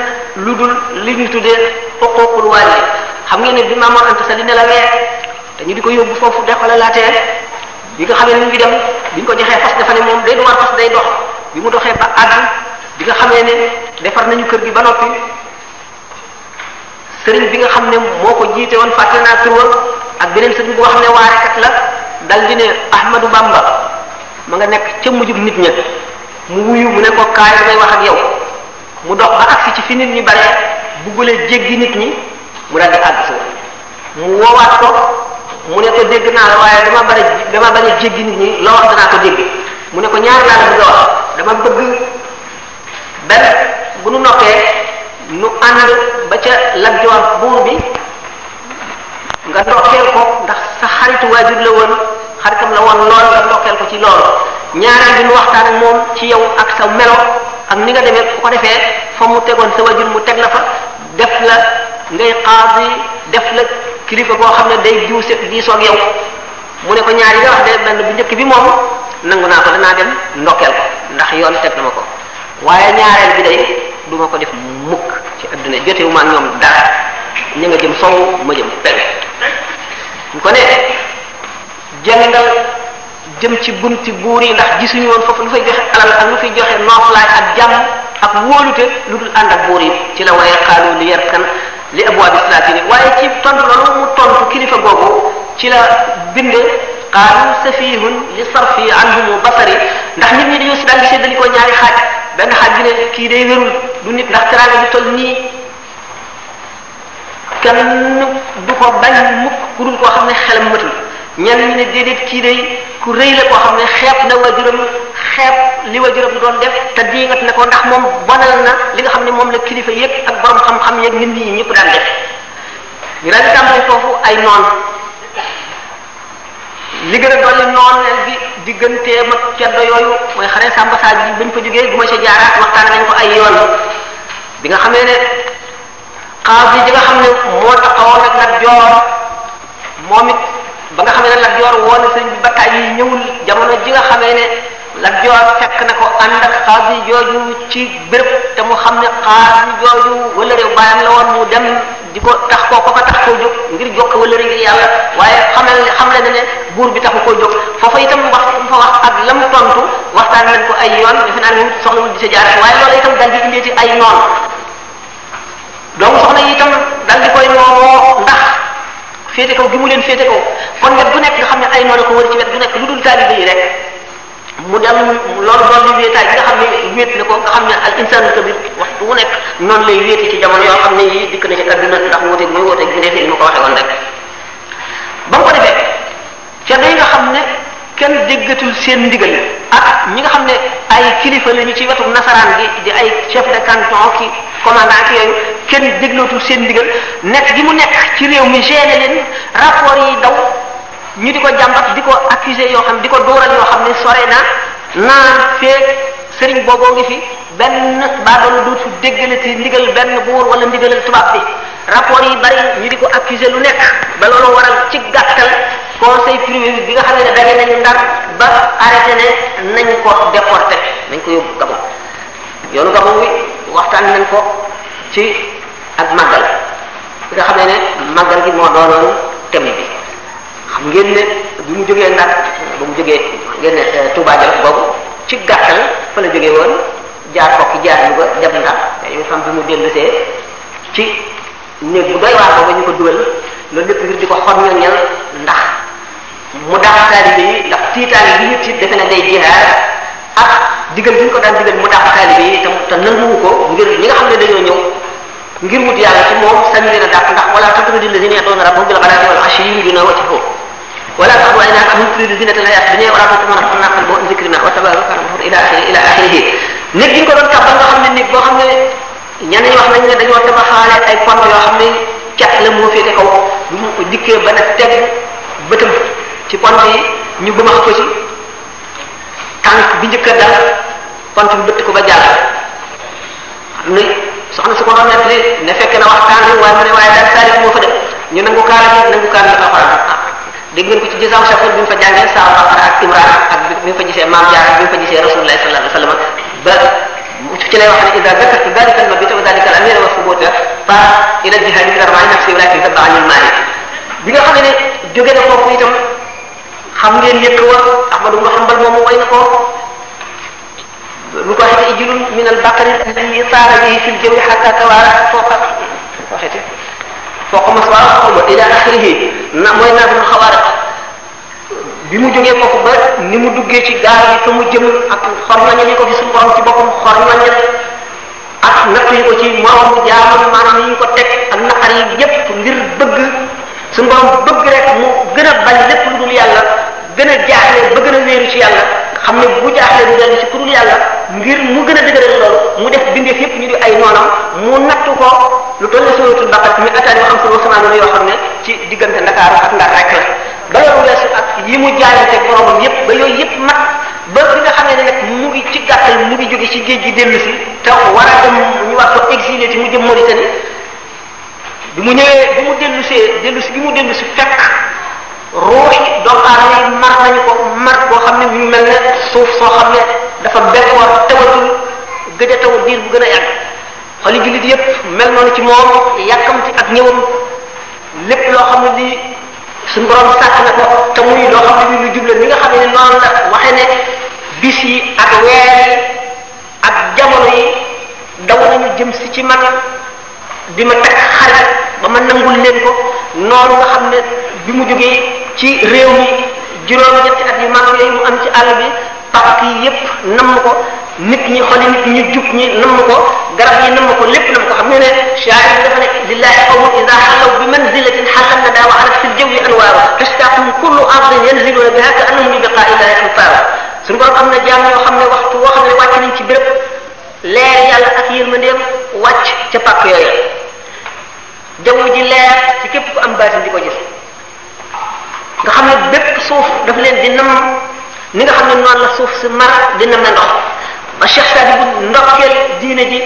Speaker 1: lu dul li ñu tuddee xuququl waali xam ngeen ne bi Maam Mor Anta Sali nelawee dañu di ko yóbbu foofu de xolalaatee bi nga xamee ni mu ngi dem bi ko joxee fas moom day day dox bi mu doxee ba bi nga xam ne defar nañu kër gi ba noppi sëriñ bi nga xam ne moo ko jiite woon fàtte naa tur ak beneen sëriñ boo xam ne waarekat la dal di ne Ahmadu Bamba ma nga nekk ca mujjub nit ña mu wuyu mu ne ko kaay damay wax ak yow mu dox ba agsi ci fi nit ñi bare buggulee jéggi nit ñi mu daldi àgg si mu woowaat ko mu ne ko dégg naa la waaye dama bare dama bañ jéggi nit ñi loo wax danaa ko dégg mu ne ko ñaar laa la bëgg dama bëgg benn bu nu noppee nu ànd ba ca Lat Joor bi nga ndokkeel ko ndax sa xaritu waajur la woon xaritam la woon lool nga ndokkeel ko ci loolu ñaareel bi nu waxtaan ak moom ci yow ak sa melo ak ni nga demee bu ko defee fa mu tegoon sa wajur mu teg la fa def la ngay xaasi def la kilifa boo xam ne day diw se diisoo ak mu ne ko ñaari yi nga wax de benn bu njëkk bi moom nangu naa ko danaa dem ndokkeel ko ndax yoon teg na ma ko waaye ñaareel bi day du ko def mukk ci adduna jotewu ma ak ñoom dara ña nga jëm sow ma jëm pegg ñu ko ne jëngal jëm ci bunti buur yi ndax gisuñu woon foofu lu fay joxe alal ak lu fay joxe nooflaay ak jàmm ak wóolute lu dul ànd ak buur yi ci la waaye xaalu li yarkan li abwaabi salaatini waaye ci tontu loolu mu tontu kilifa googu ci la binde xaalu safihun li sarfi anhumu basari ndax nit ñi dañoo si daan gisee dañu ko ñaari xaaj benn xaaj bi ne kii day wérul du nit ndax teraanga bi toll nii kenn du ko bañ mukk ku dul koo xam ne xelam matul ñenn ñu ne déedéet kii day ku rëy la koo xam ne xeeb na waajuram xeeb li waajuram doon def te diingat na ko ndax moom bonal na li nga xam ne moom la kilifa yëpp ak borom xam-xam yeeg nit ñi ñëpp daan def ñu daal di ay noon li gën a dolli nooneel bi diggantee mag ceddo yooyu mooy xare Samba Sadio bi bañ fa jógee bu ma ca jaaraat waxtaan nañ ko ay yoon bi nga xamee ne xaas yi xam ne moo taxawoon moom it ba nga xamee na Lat Joor woon na sëriñ bi ba ñëwul jamono ji nga xamee ne Lat Joor fekk na ko ànd ak xaas yi jooju ci béréb te mu xam ne xaas yi jooju wala réew baayam la woon mu dem di ko tax koo ko fa tax koo jóg ngir jokk wala ngir yàlla waaye xam ne xam na ne buur bi taxu koo jóg foofa itam wax fa wax ak lam tontu waxtaan nañ ko ay yoon defe naa ne soxlawul di sa jaar waaye loolu itam daal di indee ci ay noon doomu soxna yi itam daal di koy moomoo féete kaw gi mu leen féete kaw kon wet gu nekk nga xam ne ay noonu ko wër ci wet gu lu dul taalibe yi rek mu dem loolu loolu li wéetaay bi nga xam ne wéet na ko nga ne al insaanu kabir waxtu wu nekk noonu ci jamono yoo xam ne yi dikk na ci adduna ndax wooteeg muy wooteeg bi ndeefee ni ma ko waxee woon rek ba mu ko defee ca day nga xam kenn déggatul seen ndigal ak ñi nga xam ne ay kilifa lañu ci wetu nasaraan di ay chef de canton ki commandant yooyu kenn déglootul seen ndigal nekk gi mu nekk ci réew mi gêné leen rapport yi daw ñu di ko jàmbat di ko accuser yoo xam ne di ko dóoral yoo xam ne sore na naan feeg sëriñ booboo ngi fi benn baadoola duut fi déggalati ndigal benn buur wala ndigalal tubaab bi rapport yi bari ñu di ko accuser lu nekk ba loolu waral ci gàttal conseil privé bi bi nga xam ne daje nañu ndar ba arrêté ne nañ ko déporté nañ ko yóbbu Gabon yoonu Gabon wi waxtaan nañ ko màggal bi nga xam ne ne màggal gi moo doonoon thème bi xam ngeen ne bi mu jógee ndar ba mu jógee ngeen ne euh, boobu ci gàttal fa la jógee woon jaar fokki jaar lu ba dem ndax dañuy xam bi mu dellusee ci néeg bu doy waar ba ñu ko dugal loolu lépp ngir di ko xon ñoñal ndax mu daax taalibe yi ndax tiitaan bi ñu tiit defe na day jihaar ak digal bi ñu ko daan digal mu daax taalibe yi te te nanguwu ko ngir ñi xam ne dañoo ñëw ngir wut yàlla ci moom sañ a dàq ndax wala tatrudi lazina yatuna rabbahum bil ghadati wal ashiyyi yuriduna wajhahu wala taxdu aynahum turidu zinata al hayati dunya wala tatumana an naqal bu ila akhirih néeg yi ñu ko doon tabax nga xam ne néeg boo xam ne ñenn ñi wax nañ ne dañoo tabaxaale ay pont yoo xam ne cat la moo féete kaw bu mu ko dikkee ba nag teg bëtam ci pont yi ñu bëmax ko ci tànk bi njëkk a dal pont ko ba jàll xam ne soxna su ko ne fekk na waxtaan bi waaye mu ne waaye daal taalif moo fa def ñu nangu kaala nangu kaala la alxuraan ah dégg ngeen ko ci gisaaw safar bi mu fa jàngee saa Bakara ak Imran ak bi mu fa gisee maam Jaara bi mu fa gisee Rasulullah sallallahu alayhi wasallam ba ci lay wax ne ida dakartu dalika almabita wa dalika alamira wa subuta fa ila aljihadi fi larba'i nafsi walakin dabba anil mali bi nga xam ne jóge na foofu itam xam ngeen njëkk wa ahmadu ibnu hanbal moomu way na ko lu ko waxee ijilun min albaqari alladi saara bihi fi ljawi xata tawaara fooqa waxete fooqa maswaa xuma ila axirihi na mooy naabul xawaariq bi mu jógee foofu ba ni mu duggee ci gaal yi fa mu jëm ak xormañal yi ko ci suñu borom ci boppam xormañal ak natt yi ko ci moromu ñu ko teg ak naqar yi yépp ngir bëgg suñu borom bëgg rek mu gën a bañ lépp lu dul yàlla gën a jaaxle ba gën a wéeru ci yàlla xam ne bu jaaxle du dellu ci ku dul yàlla ngir mu gën a dëgëral loolu mu def bindeef yépp ñu di ay noonam mu nattu ko lu toll suratul baqara mi attaani am solo sama yoo xam ne ci diggante Ndakaaru ak Ndar rek la dara lu weesu ak yi mu jaayante boromam yëpp ba yooyu yépp mat ba fi nga xam ne nag mu ngi ci gàttal mu ngi jóge ci géej gi dellu si te war a dem ñu war ko exilé mu jëm Mauritanie bi mu ñëwee si bi mu dellu si fekk ruux ko mar boo xam ne mu mel ne suuf soo xam ne dafa bekkoor tawatul gëj a diir bu gën a yàgg xoli jullit yépp mel noonu ci moom yàkkamti ak ñëwam lépp loo xam ne lii suñu borom sàkk na ko te muy loo xam ne ni lu jubla waxe ne bis yi ak weer yi ak jamono yi daw nañu jëm si ci man di ma takk xarit ba ma nangul leen ko noonu nga xam ne bi mu jógee ci réew mi juróom ñetti at yu mag yooyu mu am ci àll bi tabak yi yépp namm ko nit ñi xoli nit ñi jub ñi namm ko garab yi namm ko lépp namm ko xam ne ne shaari bi dafa ne lillahi qawmun ida xallaw bi manzilatin xallan na daa waxalat fil jawli anwaaru tustaaqum kullu ardin yanziluna biha ka annahum li biqaa illahi amtaaru suñu borom am na jaam yoo xam ne waxtu woo xam ne wàcc nañ ci béréb leer yàlla ak yërmandeem wàcc ci pàkk yooyu jaww ji leer ci képp ku am baatin di ko xam ne bépp suuf daf leen di namm ni nga xam ne noonu la suuf si mar dina ma ndox ba Cheikh Sadi bu ndokkeel diine ji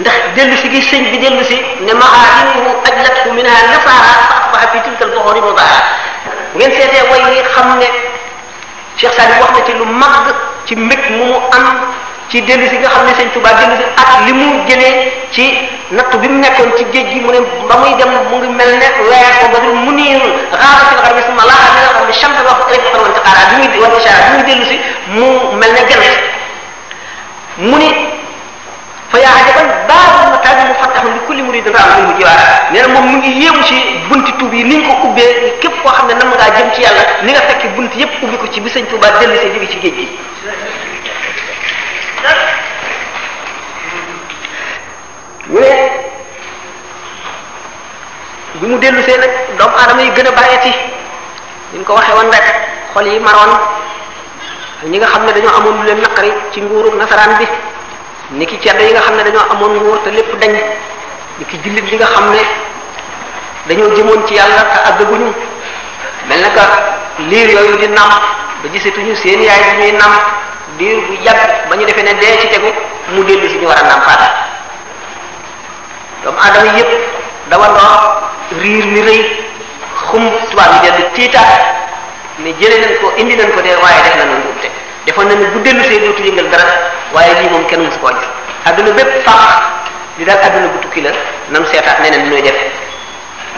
Speaker 1: ndax dellu si gi sëñ bi dellu si ne mahaarimu ajlatu minha nasaara fa asbaha fi tilkal buxoori mubaara ngeen seetee way yi xam ne Cheikh Sadi wax na ci lu mag ci mbég mu mu am ci dellu si nga xam ne sëñ Tuba dellu si ak li mu jëlee ci natt bi mu nekkoon ci géej gi mu ne ba muy dem mu ngi mel ne weer ko ba mu niir raafetil xar bi suma laaxa mi nga fa woon ci xaaraa bi dellu si mu mel ne mu ni a yaa ajaban baabu matabi mu fattaxu li kulli muridin raa mu jiwaar nee na moom mu ngi yéemu ci bunt tuub yi ni ñu ko ubbee képp koo xam ne nam ngaa jëm ci yàlla ni nga fekk bunt yépp ubbi ko ci bi sëñ Tuba dellu si jóge ci géej gi nag bi mu dellu see nag doomu aadama yi gën a bàyyeeti ñu ko waxee woon rek xol yi maroon ñi nga xam ne dañoo amoon lu leen naqari ci nguuru nasaraan bi ni ki ceddo yi nga xam ne dañoo amoon nguur te lépp dañ ni ki jullit li nga xam ne dañoo jëmoon ci yàlla te mel na ka liir yooyu di nam ba gisatuñu seen yaay bi ñuy nam diir bu yàgg ba ñu defee ne dee ci tegu mu dellu si ñu war a nampaataat doomu aadama yëpp dawandoo riir mi rëy xum tubaab yi dellu tiitaat ne jëlee nañ ko indi nañ ko de waaye def nañ njuumte defoon nañ bu dellu see dootu yëngal dara waaye lii moom kenn musu koo gis adduna bépp faax li daal adduna bu tukki la nam seetaat neneen lu ñuy def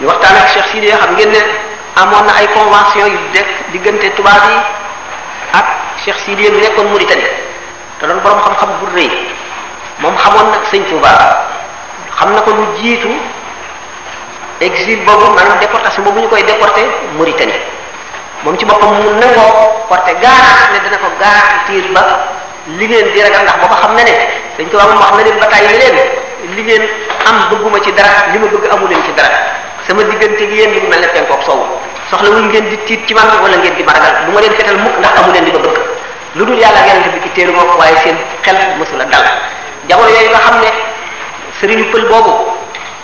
Speaker 1: ñu waxtaan ak Cheikh Sidi yoo xam ngeen ne amoon na ay convention yu dekk diggante tubaab yi ak Cheikh Sidiya mi nekkoon Mauritanie te doon borom xam-xam bu rëy moom xamoon nag sëñ Touba xam na ko lu jiitu exil boobu maanaam déportation boobu ñu koy déporté Mauritanie moom ci boppam mu nangoo porté gaar ne dana ko tiir ba li ngeen di ragal ndax booba xam na ne sëñ Touba moom xam na leen ba tàyyi leen li ngeen am bëgguma ci dara li ma bëgg amul leen ci dara sama diggante gi yéen li mu mel ne penkook soowu soxla soxlawul ngeen di tiit ci man wala ngeen di ma ragal du ma leen fetal mukk ndax amu di li ma bëgg lu dul yàlla ak yonente bi ci téelu ma waaye seen xel mësula dal jamono yooyu nga xam ne sëriñu pël boobu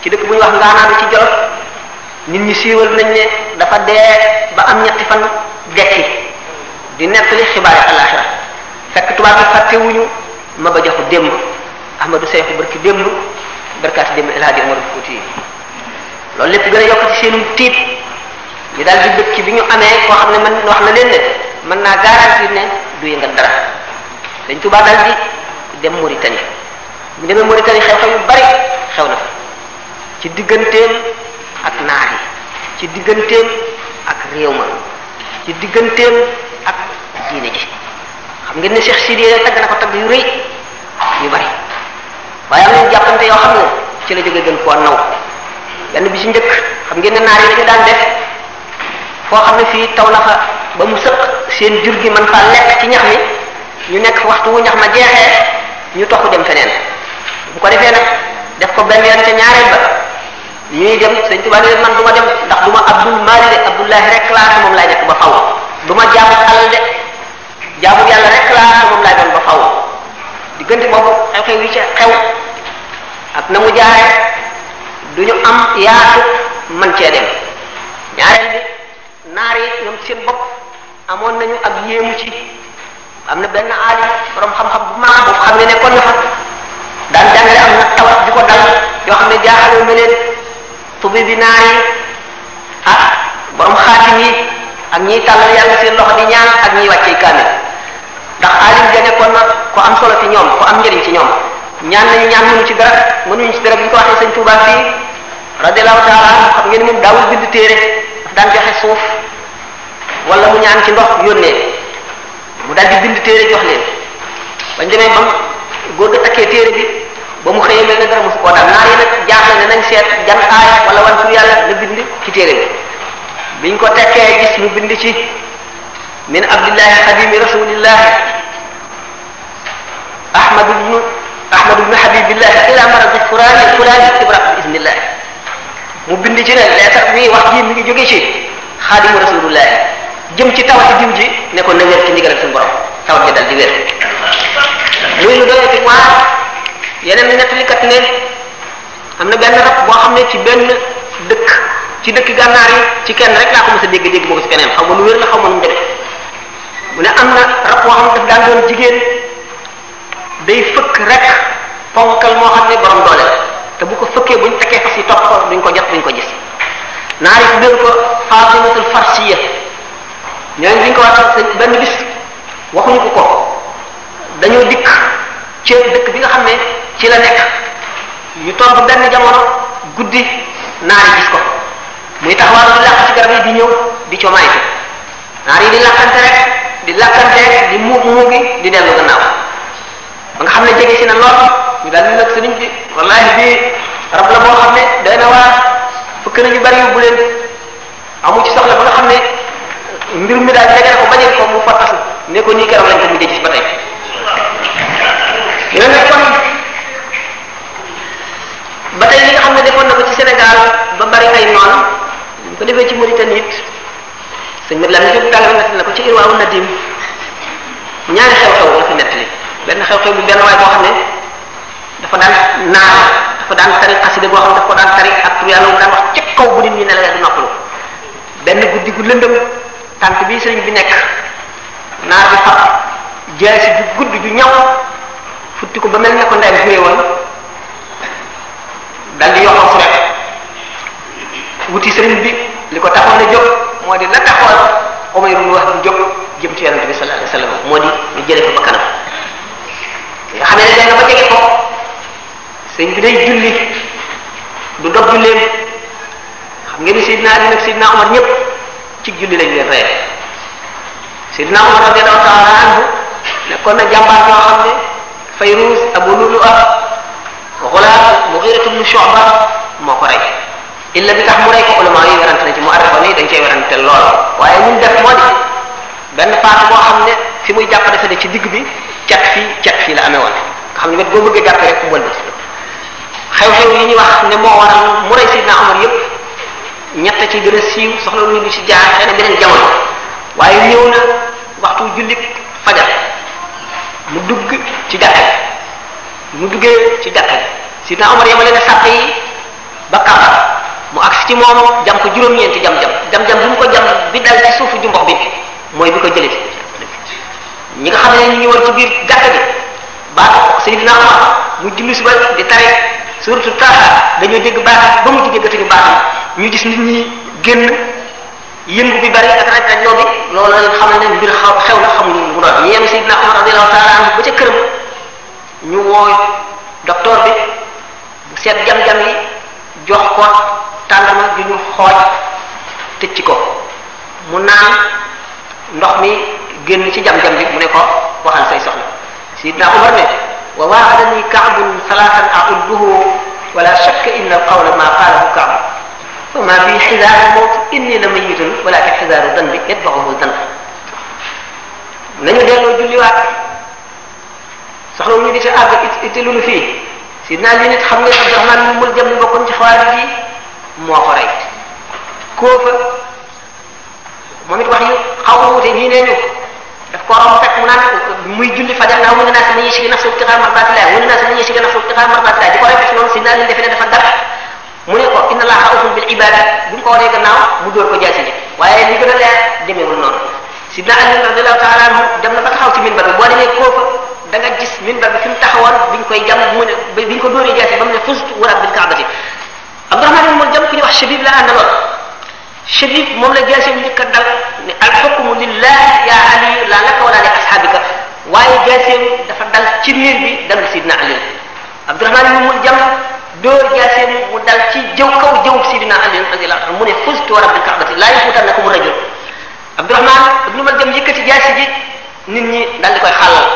Speaker 1: ci dëkk bu ñu wax ngaanaanu ci jolof nit ñi siiwal nañ ne dafa dee ba am ñetti fan dekki di nettali xibaari alaxira fekk tubaab bi fàttewuñu ma ba joxu démb ahmadou seyku barki démb barkaati démb El Hadji Omar Fouti yi loolu lépp gën a yokk ñu daal di ci bi ñu amee koo xam ne man wax na leen ne mën naa garantir ne du yëngal dara dañ Tuubaa daal di dem Mauritanie ñu demee Mauritanie xew-xew yu bari xew na ci digganteem ak naar yi ci digganteem ak réew ma ci digganteem ak diine ji xam ngeen ne Cheikh Sidi tagg na ko tagg yu rëy yu bari waaye am nañu jàppante yoo xam ci la jógee gën koo naw benn bi ci njëkk xam ngeen ne naar yi dañu daan def foo xam ne fii taw na fa ba mu sëq seen jur gi man faa lekk ci ñax mi ñu nekk waxtu wu ñax ma jeexee ñu toxu dem feneen bu ko defee nag def ko benn yoon ca ñaareel dem sëñ Tuba ne man du ma dem ndax ma abdul mali de abdullahi rek laa moom laay nekk ba faw du ma jaamu alal de jaamu yàlla rek laa moom laay doon ba faw diggante boobu xew-xew yi ca xew ak na mu jaare du ñu am yaatu man cee dem ñaareel naar yi ñoom seen bopp amoon nañu ak yéemu ci am na benn aalim borom xam-xam bu mag xam ne nekkoon na fa daan jàngale am na tawat di ko dal yoo xam ne jaaxaloo na bi naar yi ah borom xaatim yi ak ñiy tàllal seen loxo di ñaan ak ñiy wàccee kaamil ndax aalim ja nekkoon na ko am solo ci ñoom ko am njëriñ ci ñoom ñaan nañu ñaan mënu ci dara mënuñu ci dara bi ñu ko waxee sëñ Tuubaa fii radiyallahu taala xam ngeen moom daawul bind téere joxe suuf wala mu ñaan ci ndox yónnee mu daal di bind jox leen bañ demee ba góor takkee téere bi ba mu xëyee mel ne dara mosu ko daal naar yi nag jaaxle ne nañ seet jan aaya wala wan tur yàlla la bind ci téere bi biñ ko tekkee gis mu bind ci min abdillahi xadimi rasulillahi ahmadu bnu ahmadu bnu habibillahi ila maradi furani furani ibra bismillahi mu bind ci ne leetar bi wax ji mi ngi jóge ci jëm ci tawati diw ji ne ko na wér ci ndigalal suñu borom tawat ji dal di wér muy lu doy ci waar yeneen nettalikat ne am na benn rab boo xam ne ci benn dëkk ci dëkk gànnaar yi ci kenn rek laa ko mos dégg dégg moo ko si keneen xaw ma lu wér la xaw ma lu mu demee mu ne am na rab boo xam daf daan doon jigéen day fëkk rek ponkal moo xam ne borom doole te bu ko fëkkee buñ fekkee fas yi topp ko duñ ko jot duñ ko gis naar yi tuddee ko Faatimatul Farsiya ñooñu bi ñu ko waxal sëñ benn bis waxuñu ko ko dañoo dikk ci dëkk bi nga xam ne ci la nekk ñu toog benn jamono guddi ci ñëw di comaay bi di làkkante xam ne jege na lool ñu daal di nag sëriñ bi wallahi bi rab la boo xam ne day na waar fëkk nañu bari yu bu leen amu ci soxla ba nga xam ne mbir mi daal dajale ko bañal ko mu fatas ne ko nii keroog lañ ko ba tey yooyu nag kon ba tey li ko ci Sénégal ba bari ay noonu ci Mauritanie it sëñ bi daal li tàngal na ko ci Irwaawu ñaari xew-xew la fi nettali benn xew-xew bi benn waay boo xam ne dafa daan naaw dafa daan tari xasida boo xam ne dafa daan tari ak tur yàlla mu daan wax ci kaw bu nit ñi ne la du noppalu benn guddi gu lëndëm tànk bi sëriñ bi nekk naar bi fab jaasi ju gudd ju ñaw futti ko ba mel ne ko ndey juree woon dal di yoxoon fu rek wuti sëriñ bi li ko taxoon a jóg moo di la taxoon Umayrul wax di jóg jëm bi sallallahu alayhi wasallam moo di ñu jële ko ba kanam nga xam ne danga ba jege ko sëriñ bi day julli du dog julleem xam ngeen ni Seydina Ali nag Seydina Omar ñëpp ci julli lañ leen rey sidna Umar radiyallahu ta'ala anhu nekkoon xam ne Fayruz Abu Lu'lu'a Ghulaam Mughiratu ibn moo ko rey illa bi tax mu rey ci mu arriko dañ cey werante lool waaye ñun def benn paase boo xam ne fi muy jàpp defe ne ci digg bi cat fii cat fii la amee woon nga xam ne wet boo bëgg a jàpp rek ne moo waral mu rey sidna Umar yépp ñett ci gën a siiw soxla lu ñu ci jaar xëy na beneen jamono
Speaker 2: waaye ñëw na
Speaker 1: waxtu jullit fajar mu dugg ci jàkka bi mu duggee ci jàkka si sidna Omar yamale na sàppe yi ba kabar mu agsi ci moom jam ko juróom-ñeenti jam-jam jam-jam mu ko jam bi dal ci suufu ju bi mooy bi ko jëlee ci ñi nga xam ne ñu ngi woon ci biir jàkka bi ba ko sidna Omar mu julli suba di tare surtout Taha dañoo dégg baaxaat ba mu ci déggatuñu baaxaat ñu gis nit ñi génn yëngu bi bari ak rajo a bi loolu la xam ne mbir xaw xew na xamul mu doon yéem Sayyidina ba ca këram ñu woo docteur bi bu seet jam-jam yi jox ko tàndama ju ñu xooj tëj ci ko mu naan ndox mi génn ci jam-jam bi mu ne ko waxal say soxla Sayyidina Umar ne wa waadani kaabun salaatan audduhu wala shakka inna alqawla ma qaalahu kaab wa ma fi xizaari mawt inni la mayitun walakin xizaaru danbi yatbacuhu danb nañu delloo julliwaat soxla ñu di ci àgg it it lu ñu fii si naa li nit xam nga Abdurahmaan mu mul jëm ni bokkoon ci xawaari ji moo ko rey koo fa moom it wax yu xaw a wute ñii nee ñu daf ko romb fekk mu naan muy julli fajar naa wënde naa si nañu si nafsu ibtigaa mardaatillaa wënde naa si nañu si nafsu ibtigaa mardaatillaa di ko def noonu si naa leen defe ne dafa dara mu ne ko inna laaha awfun bil ibaada bu mu ko waree gannaaw mu dóor ko jaasi ji waaye li gën a leer demeewul noonu sidna Ali radiyallahu taala anhu dem na ba taxaw ci minbar bi boo demee koofa da nga gis minbar bi fi mu taxawoon biñ koy jam mu ne biñ ko dóoree jaasi ba mu ne fust waraat bil kaabati Abdurahmaan moom jam ku ñu wax Shabib la àndaloon Shabib moom la jaasi njëkk jaaseem dafa dal ci miir bi dalul sidina Ali Abdurahmaan ibn Muljam dóor jaaseem mu dal ci jëw kaw jëw sidina Ali radiyallahu anhu mu ne fuztu wa rabbil kaabati laa yafuutannakum rajul Abdurahmaan ibn Muljam yëkkati jaasi ji nit ñi dal di koy xàllal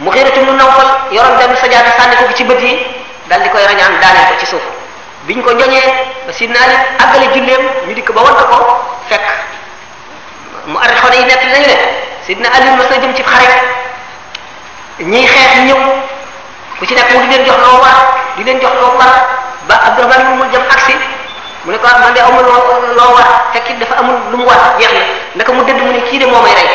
Speaker 1: Muxiiratu ibn Nawfal yoroon dem sajaada sànni ko ci bët yi dal di koy rañaan daaneel ko ci suuf biñ ko njoñee ba sidina Ali àggale julleem di dikk ba wan ko fekk mu arrêté yi nekk nañu ne sidina Ali mas na jëm ci xare ñii xeex ñëw ku ci nekk mu di leen jox loo war di leen jox loo war ba Abdourahman mu mu jëm agsi mu ne ko ah, man de amul loo loo war dafa amul lu mu war jeex na naka mu dëdd mu ne kii de moo may rey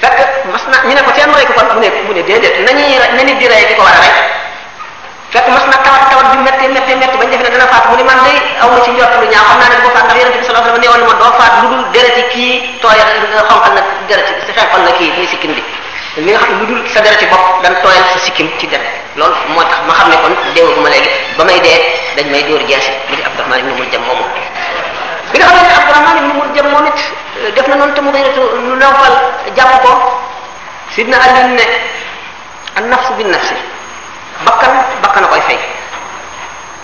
Speaker 1: fekk mas ñu ne ko seen rey ko ne mu ne déedéet nañuy na di rey di ko war a rey fekk mas bi métti métti métti bañ defe ne ne de aw ma ci njort lu ñaaw xam naa ne boo faat ndax yonente bi sallallahu alayhi wasallam na ma doo faat lu dul dereti kii tooyal xonqal na dereti si xeexal na kii muy sikkin li nga xam ne lu dul sa deret ci bopp dañ tooyal sa sikkim ci deret loolu moo tax ma xam ne kon déewaguma léegi ba may dee dañ may dóor jeesi li fi Abdourahman ibnu Muljam moomu bi nga xam ne Abdourahman ibnu Muljam moom it euh, def na noonu te mu gayratu lu nawfal jàpp ko sidna Ali ne an nafsu bin nafsi bakkan bakkan a koy fay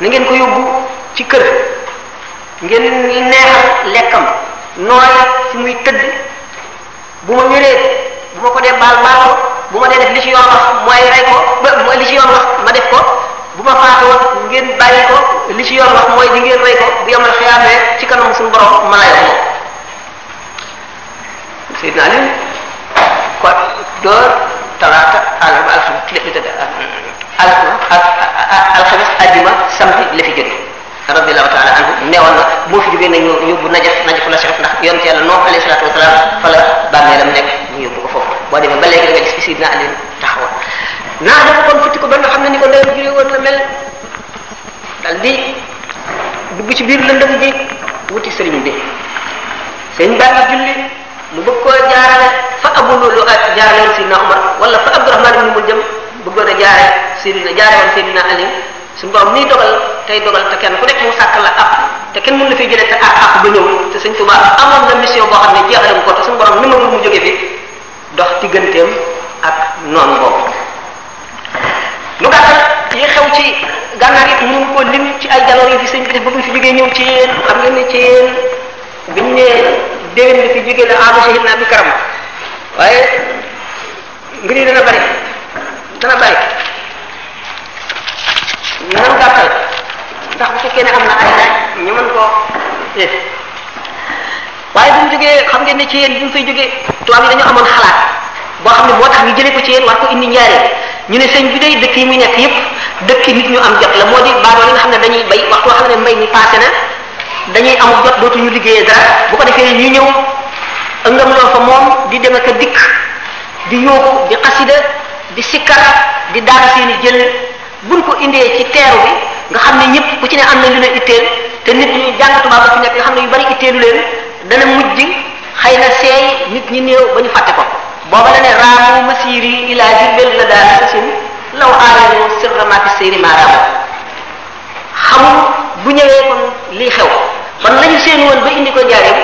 Speaker 1: na ko yóbbu ci kër ngeen neexal lekkam nooy fi muy tëdd bu ma ñëree bu ma ko dee baal baal bu ma dee def li ci yoon wax mooy rey li ci yoon wax ma def bu ma faatu li ci yoon mooy di ngeen rey ko a yemal xiyaamee ci kan suñu borom maa yor ko. Seydina Aliou door talaata àllarba alxames alxames àjjuma samedi fi jógee. radiallahu taala anhu newoon na boo fi jógee nañu yóbbu najaf najaf la sax ndax yoon ci yàlla noom alayhi salatu wasalaam fa la bàmmeelam nekk ñu yóbbu ko foofu boo demee ba léegi da nga gis si naa leen taxawoon naa dafa kon futti ko ba nga xam ne ni ko ndeyam juree woon la mel dal di dugg ci biir lëndëm ji wuti sëriñ bi sëriñ baa ngi julli mu bëgg koo jaarale fa abulu lu ak jaarale woon Seydina Omar wala fa Abdurahman ibn Muljam bëggoon a jaare Seydina jaare woon Seydina Ali suñu borom muy dogal tey dogal te kenn ku nekk mu sàkk la àpp te kenn mun na fiy jëlee te àpp àpp ba ñëw te sëñ Tuba amoon na mission boo xam ne jeexalam ko te suñu borom ni ma mu jógee fi dox digganteem ak noonu boobu. ci gànnaar it mënu ko ci bi def ba mu fi jógee ñëw ci xam ngeen ne ci yéen biñ ne déwén la fi jógee la aama shahid naa bi karam waaye ngir dana bari dana bari. ñu mën gàttal ndax bu fekkee ne am na ay laaj ñu mën koo waaye bu mu jógee xam ngeen ni ci yéen bi mu fay jógee tubaab yi dañoo amoon xalaat boo xam ne boo tax ñu jëlee ko ci yéen war ko indi njaaree ñu ne seen bi day dëkk yi muy nekk yëpp dëkk nit ñu am jot la moo di baadoo xam ne dañuy bay waxtu xam ne mbay mi na dañuy amul jot dootuñu liggéeyee dara boo ko defee ñu ñëw ëngam loo fa moom di dem ak a dikk di yóobu di xasida di sikkar di daan seeni jël buñ ko indee ci teeru bi nga xam ne ñëpp ku ci ne am na lu leen te nit ñi jàng tubaab ba xam ne yu bari itteelu leen dana mujj xëy na seey nit ñi néew ba ñu ko
Speaker 2: booba la ne raamu
Speaker 1: masiir daal sasin law aalamu sirramati bu ñëwee kon lii xew kon lañu seen woon ba indi ko njaareem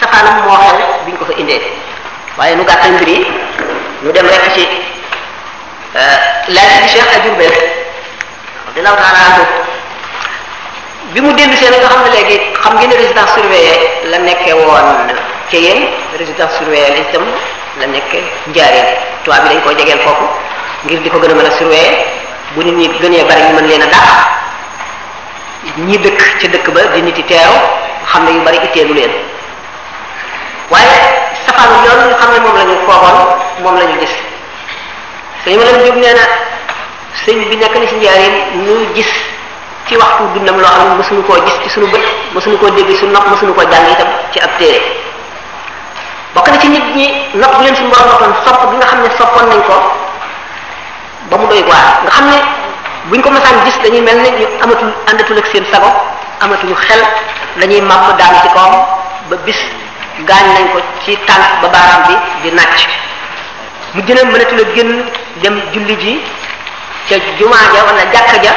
Speaker 1: safaanam moo xew biñ ko fa indee waaye nu gàttal mbir yi ñu dem rek ci euh, laaj bi Cheikh Ajurbel radiyallahu taala anhu bi mu dellu seen nga xam ne léegi xam ngeen ne résidence surveillée la nekkee woon ca yéen résidence surveillée la itam la nekkee bi dañ koo jegeel kooku ngir di ko gën a mën a surveiller bu nit ñi gënee bari ñu mën leen a dàq ñi dëkk ca dëkk ba di nit yi teew xam ne yu bari itteelu leen waaye safaanu yoon xam ne moom la ñu moom la gis sëñ Malang Diop nee na sëñ bi nekk na si njaareem ñu gis ci waxtu dundam loo xam ne mësuñu koo gis ci suñu bët mësuñu koo dégg suñu nopp mësuñu koo jàng itam ci ab téere bokk na ci nit ñi nopp bu leen suñu borom noppoon sopp bi nga xam ne soppoon nañ ko ba mu doy waar nga xam ne buñ ko masaan gis dañuy mel ne ñu amatul àndatul ak seen sago amatuñu xel dañuy màpp daal ci kawam ba bis gaañ nañ ko ci tànk ba baaraam bi di nàcc mu gën a la génn dem julli ji ca jumaa ja wala jàkka ja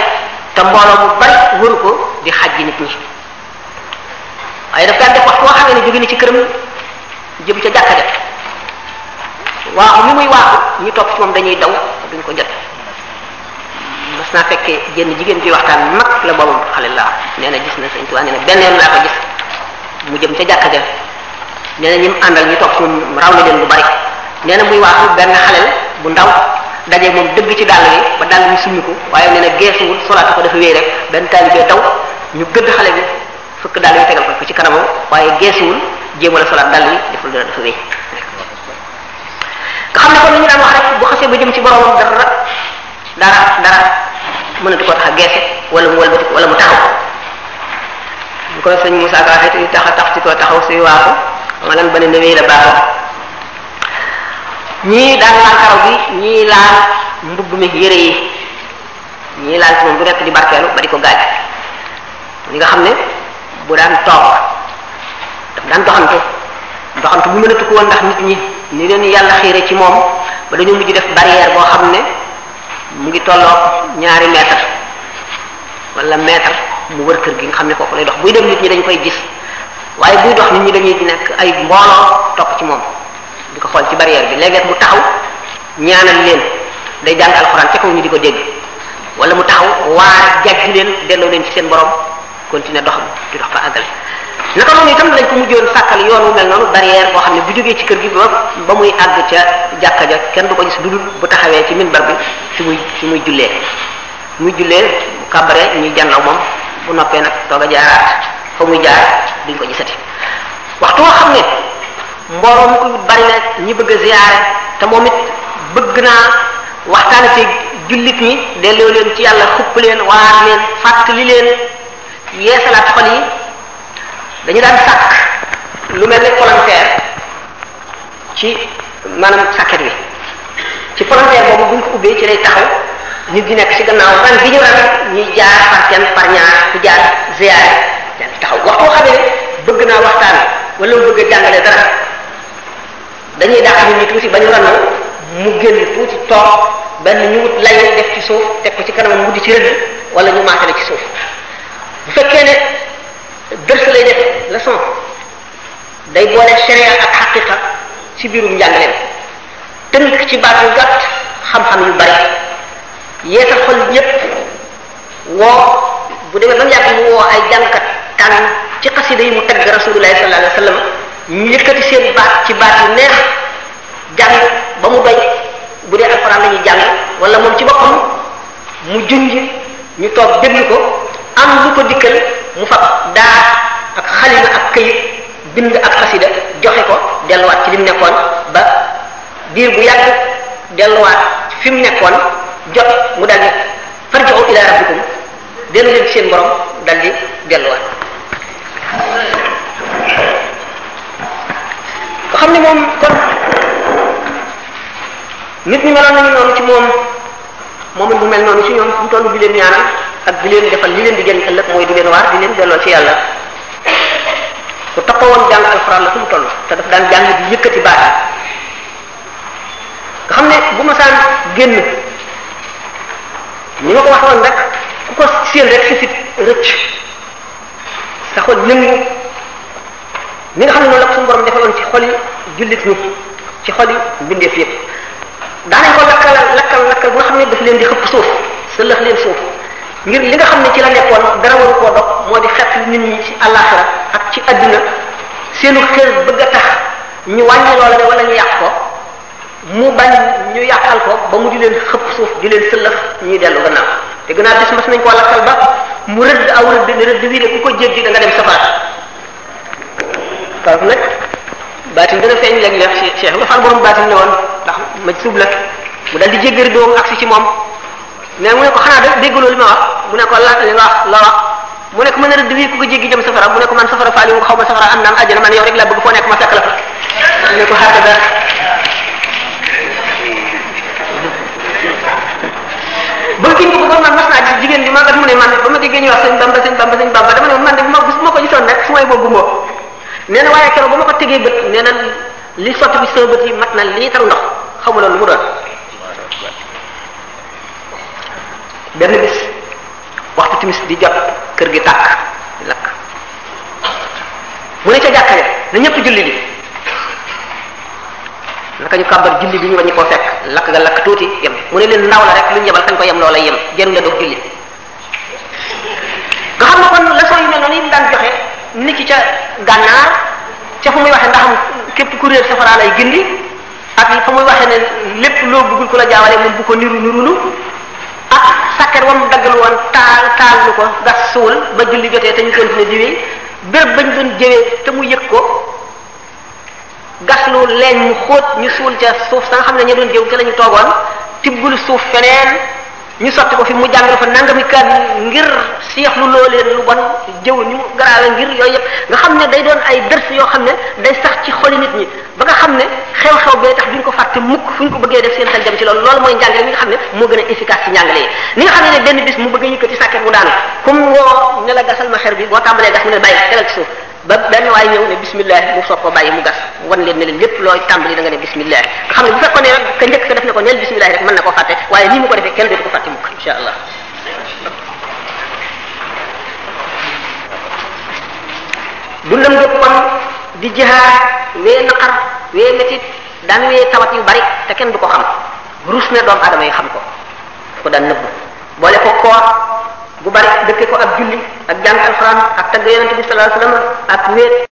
Speaker 1: te mbooloo mu bari wëru ko di bi nit ñi waaye daf daan def wax koo xamee ne jóge ci këram jëm ca jàkka ja waaxu ni muy ñu topp ci moom dañuy daw duñ ko jot mas naa fekkee jenn jigéen bi waxtaan mag la boobu xale laa nee na gis na sëñ Tuubaa nee benn yoon laa ko gis mu jëm ca jàkka ja nee na àndal ñu topp moom raw na leen bu bari nee na muy waaxu benn xalel bu ndaw daje moom dëgg ci dàll bi ba dàll bi suñu ko waaye nee na geesuwul solaatu ko dafa wéy rek benn taalibe taw ñu gëdd xale bi fëkk dàll bi tegal ko ci kanamam waaye geesuwul jéemal a solaat dàll bi deful dara dafa wéy nga xam ne kon li ñu daan wax rek bu xasee ba jëm ci boromam dara dara dara mënatu ko tax a geese wala mu walbati wala mu taxaw bu ko sëñ Moussa yi waxee tax a tax ci koo taxaw suy waaxu maanaam ba ne ne wéy la ñii daan laal karaw gi ñii laal mbubb mi yére yi ñii laal ci moom du nekk di barkeelu ba di ko gaaj li nga xam ne bu daan toog daf daan doxante doxante bu mënatu ko woon ndax nit ñi ni leen yàlla xiire ci moom ba dañoo mujj def barrière boo xam ne mu ngi tolloog ñaari mètre wala mètre mu wër kër gi nga xam ne ko lay dox buy dem nit ñi dañ koy gis waaye buy dox nit ñi dañuy nekk ay mbooloo topp ci moom di ko xool ci barrière bi léeg-léeg mu taxaw ñaanal leen day jàng alxuraan ca kaw ñu di ko dégg wala mu taxaw waar jàjj leen delloo leen ci seen borom continuer doxam di dox fa àggale naka noonu tam dañ ko mujjoon sàkkal yoon wu mel noonu barrière boo xam ne bu jógee ci kër gi ba ba muy àgg ca jàkka ja kenn du ko gis lu dul bu taxawee ci min minbar bi fi muy fi muy jullee muy jullee mu kàbbare ñuy janlaw moom bu noppee nag toog jaaraat jaar duñ ko gisati waxtu woo mbooloo mu bari ñi bëgg a ziyaare te moom it bëgg naa waxtaan ci jullit ñi delloo leen ci yàlla xupp leen waar leen fàttali leen yeesalaat xol yi dañu daan sàkk lu mel ne volontaire ci maanaam sàkket wi ci volontaire boobu buñ ko ubbee ci lay taxaw nit di nekk ci gannaaw ren bi ñu ren ñuy jaar par kenn par ñaar ku jaar ziyaare daal di taxaw waxtu boo xam bëgg naa waxtaan wala mu bëgg a jàngale dara dañuy dàq nit ñi tuuti ba ñu ranal mu génn tuuti toog benn ñu wut lay def ci suuf teg ko ci kanamam mu di ci rëdd wala ñu maatale ci suuf bu fekkee ne dërs lay def leçon day boole sharia ak xaqiqa ci biirum njàngaleem tënk ci baat yu gàtt xam-xam yu bari yeetal xol ñépp woo bu demee ba mu yàgg mu woo ay jàngkat tànn ci xasida yi mu tagg rasulullahi sallallahu alayhi wa ñu yëkkati seen baat ci baat yu neex jàng ba mu doy bu dee alxuraan lañuy jàng wala moom ci boppam mu junj ñu toog déglu ko am lu ko dikkal mu fab daa ak xalima ak këyit bind ak xasida joxe ko delluwaat ci li mu nekkoon ba biir bu yàgg delluwaat fi mu nekkoon jot mu dal di farji'u ila rabbikum dellu leen ci seen borom dal di delluwaat xam ne moom kon nit ñi meloon nañu noonu ci moom moom it mel noonu ci ñoom fu mu toll bi leen ñaanal ak di leen defal li leen di jëriñ ëllëg mooy di leen waar di leen delloo ci yàlla ku taxawoon jàng mu toll te daf daan jàng di yëkkati baat nga xam ne bu ma saan génn ñi ma ko waxoon rek ku ko séen rek sa rëcc sa xol yëngu mi nga xam ne noonu la ko suñu borom defaloon ci xol yi jullit ñi ci xol yi mbindeef yëpp daanañ ko lakkal lakkal lakkal bu nga xam ne daf leen di xëpp suuf sëlëx leen suuf ngir li nga xam ne ci la nekkoon dara waru koo dog moo di xett nit ñi ci àllaaxira ak ci adduna seenu xër bëgg a tax ñu wàññi loola ñu yàq ko mu bañ ñu yàqal ko ba mu di leen xëpp suuf di leen sëlëx ñuy dellu gannaaw te gannaaw bis mas nañ koo lakkal ba mu rëdd aw rëdd ne rëdd wii de ku ko jéggi da nga dem safara faafu nag baatin dana feeñ léeg-léeg Cheikh Ibra Fall borom baatin la woon ndax maj sub la mu dal di jéggari doomu agsi ci moom mais mu ne ko xanaa da déggaloo li ma mu ne ko la li la mu ne ko mën a wii ko jéggi safara mu ne ko man safara faali ko xaw ma safara am naam àjjana man yow rek laa bëgg foo nekk ma fekk la fa mu ne ko xaakada ba kii ko ba man mas naa gis jigéen bi maa kat mu ne man ba ma déggee man de bu ma bu ma ko gisoon rek su may boobu nee na waaye keroog ba ma ko tegee bët nee na li sotti bi sama yi mat na liitaru ndox xamula lu mu doon benn bis waxtu timis di jot kër gi tàkk di lakk mu ne ca jàkkale na ñëpp julli ji naka ñu kàbbar julli bi ñu bañ koo fekk lakk ga lakk tuuti yem mu ne leen ndaw la rek lu ñu yebal kañ ko yem loola yem genn nga doog julli nga xam ne kon leçon yu mel noonu daan joxe ki ca gànnaar ca fu muy waxee ndax képp ku réer safara lay gindi ak fa muy waxee ne lépp loo bëggul ko la jaawale moom bu ko niru nirulu ak sakket dagg daggal woon taal taal lu ko gas suul ba julli jotee te ñu continué jiwee ba bañ doon jëwee te mu yëg ko gas lu leen mu xóot ñu suul ca suuf sa nga xam ne ña doon jëw ca la ñu toogoon tibbul suuf feneen ñu sotti ko fi mu jàngal fa nangami kaamil ngir seexlu loo leen lu bon jëw ñu garaawe ngir yooyu yëpp nga xam ne day doon ay dërs yoo xam ne day sax ci xoli nit ñi ba nga xam ne xew-xew bee tax duñ ko fàtte mukk fu ñu ko bëggee def seen xel dem ci loolu loolu mooy njàngale mi nga xam ne moo gën a efficace ci njàngale yi li nga xam ne ne benn bis mu bëgg a yëkkati sàkket mu daanu comme woo ne gasal ma xer bi boo tàmbalee gas mu ne bàyyi tegal ba benn waay ñëw ne bismillah mu soog ko bàyyi mu gas wan leen ne leen lépp looy tàmbali da nga ne bismillah nga xam ne bu fekkoon ne ka njëkk ka def ne ko neel bismillah rek mën na ko fàtte waaye nii mu ko defee kenn dootu ko fàtte mukk insha allah dundam gépp kon di jihaar wee naqar wee métit daan wee tawat yu bari te kenn du ko xam rus na doomu aadama yi xam ko ko daan nëbbu boole ko koor bu bari dëkke ko ak julli ak jàng alxuraan
Speaker 2: ak tagg yonente bi sallallahu alayhi wasallam ak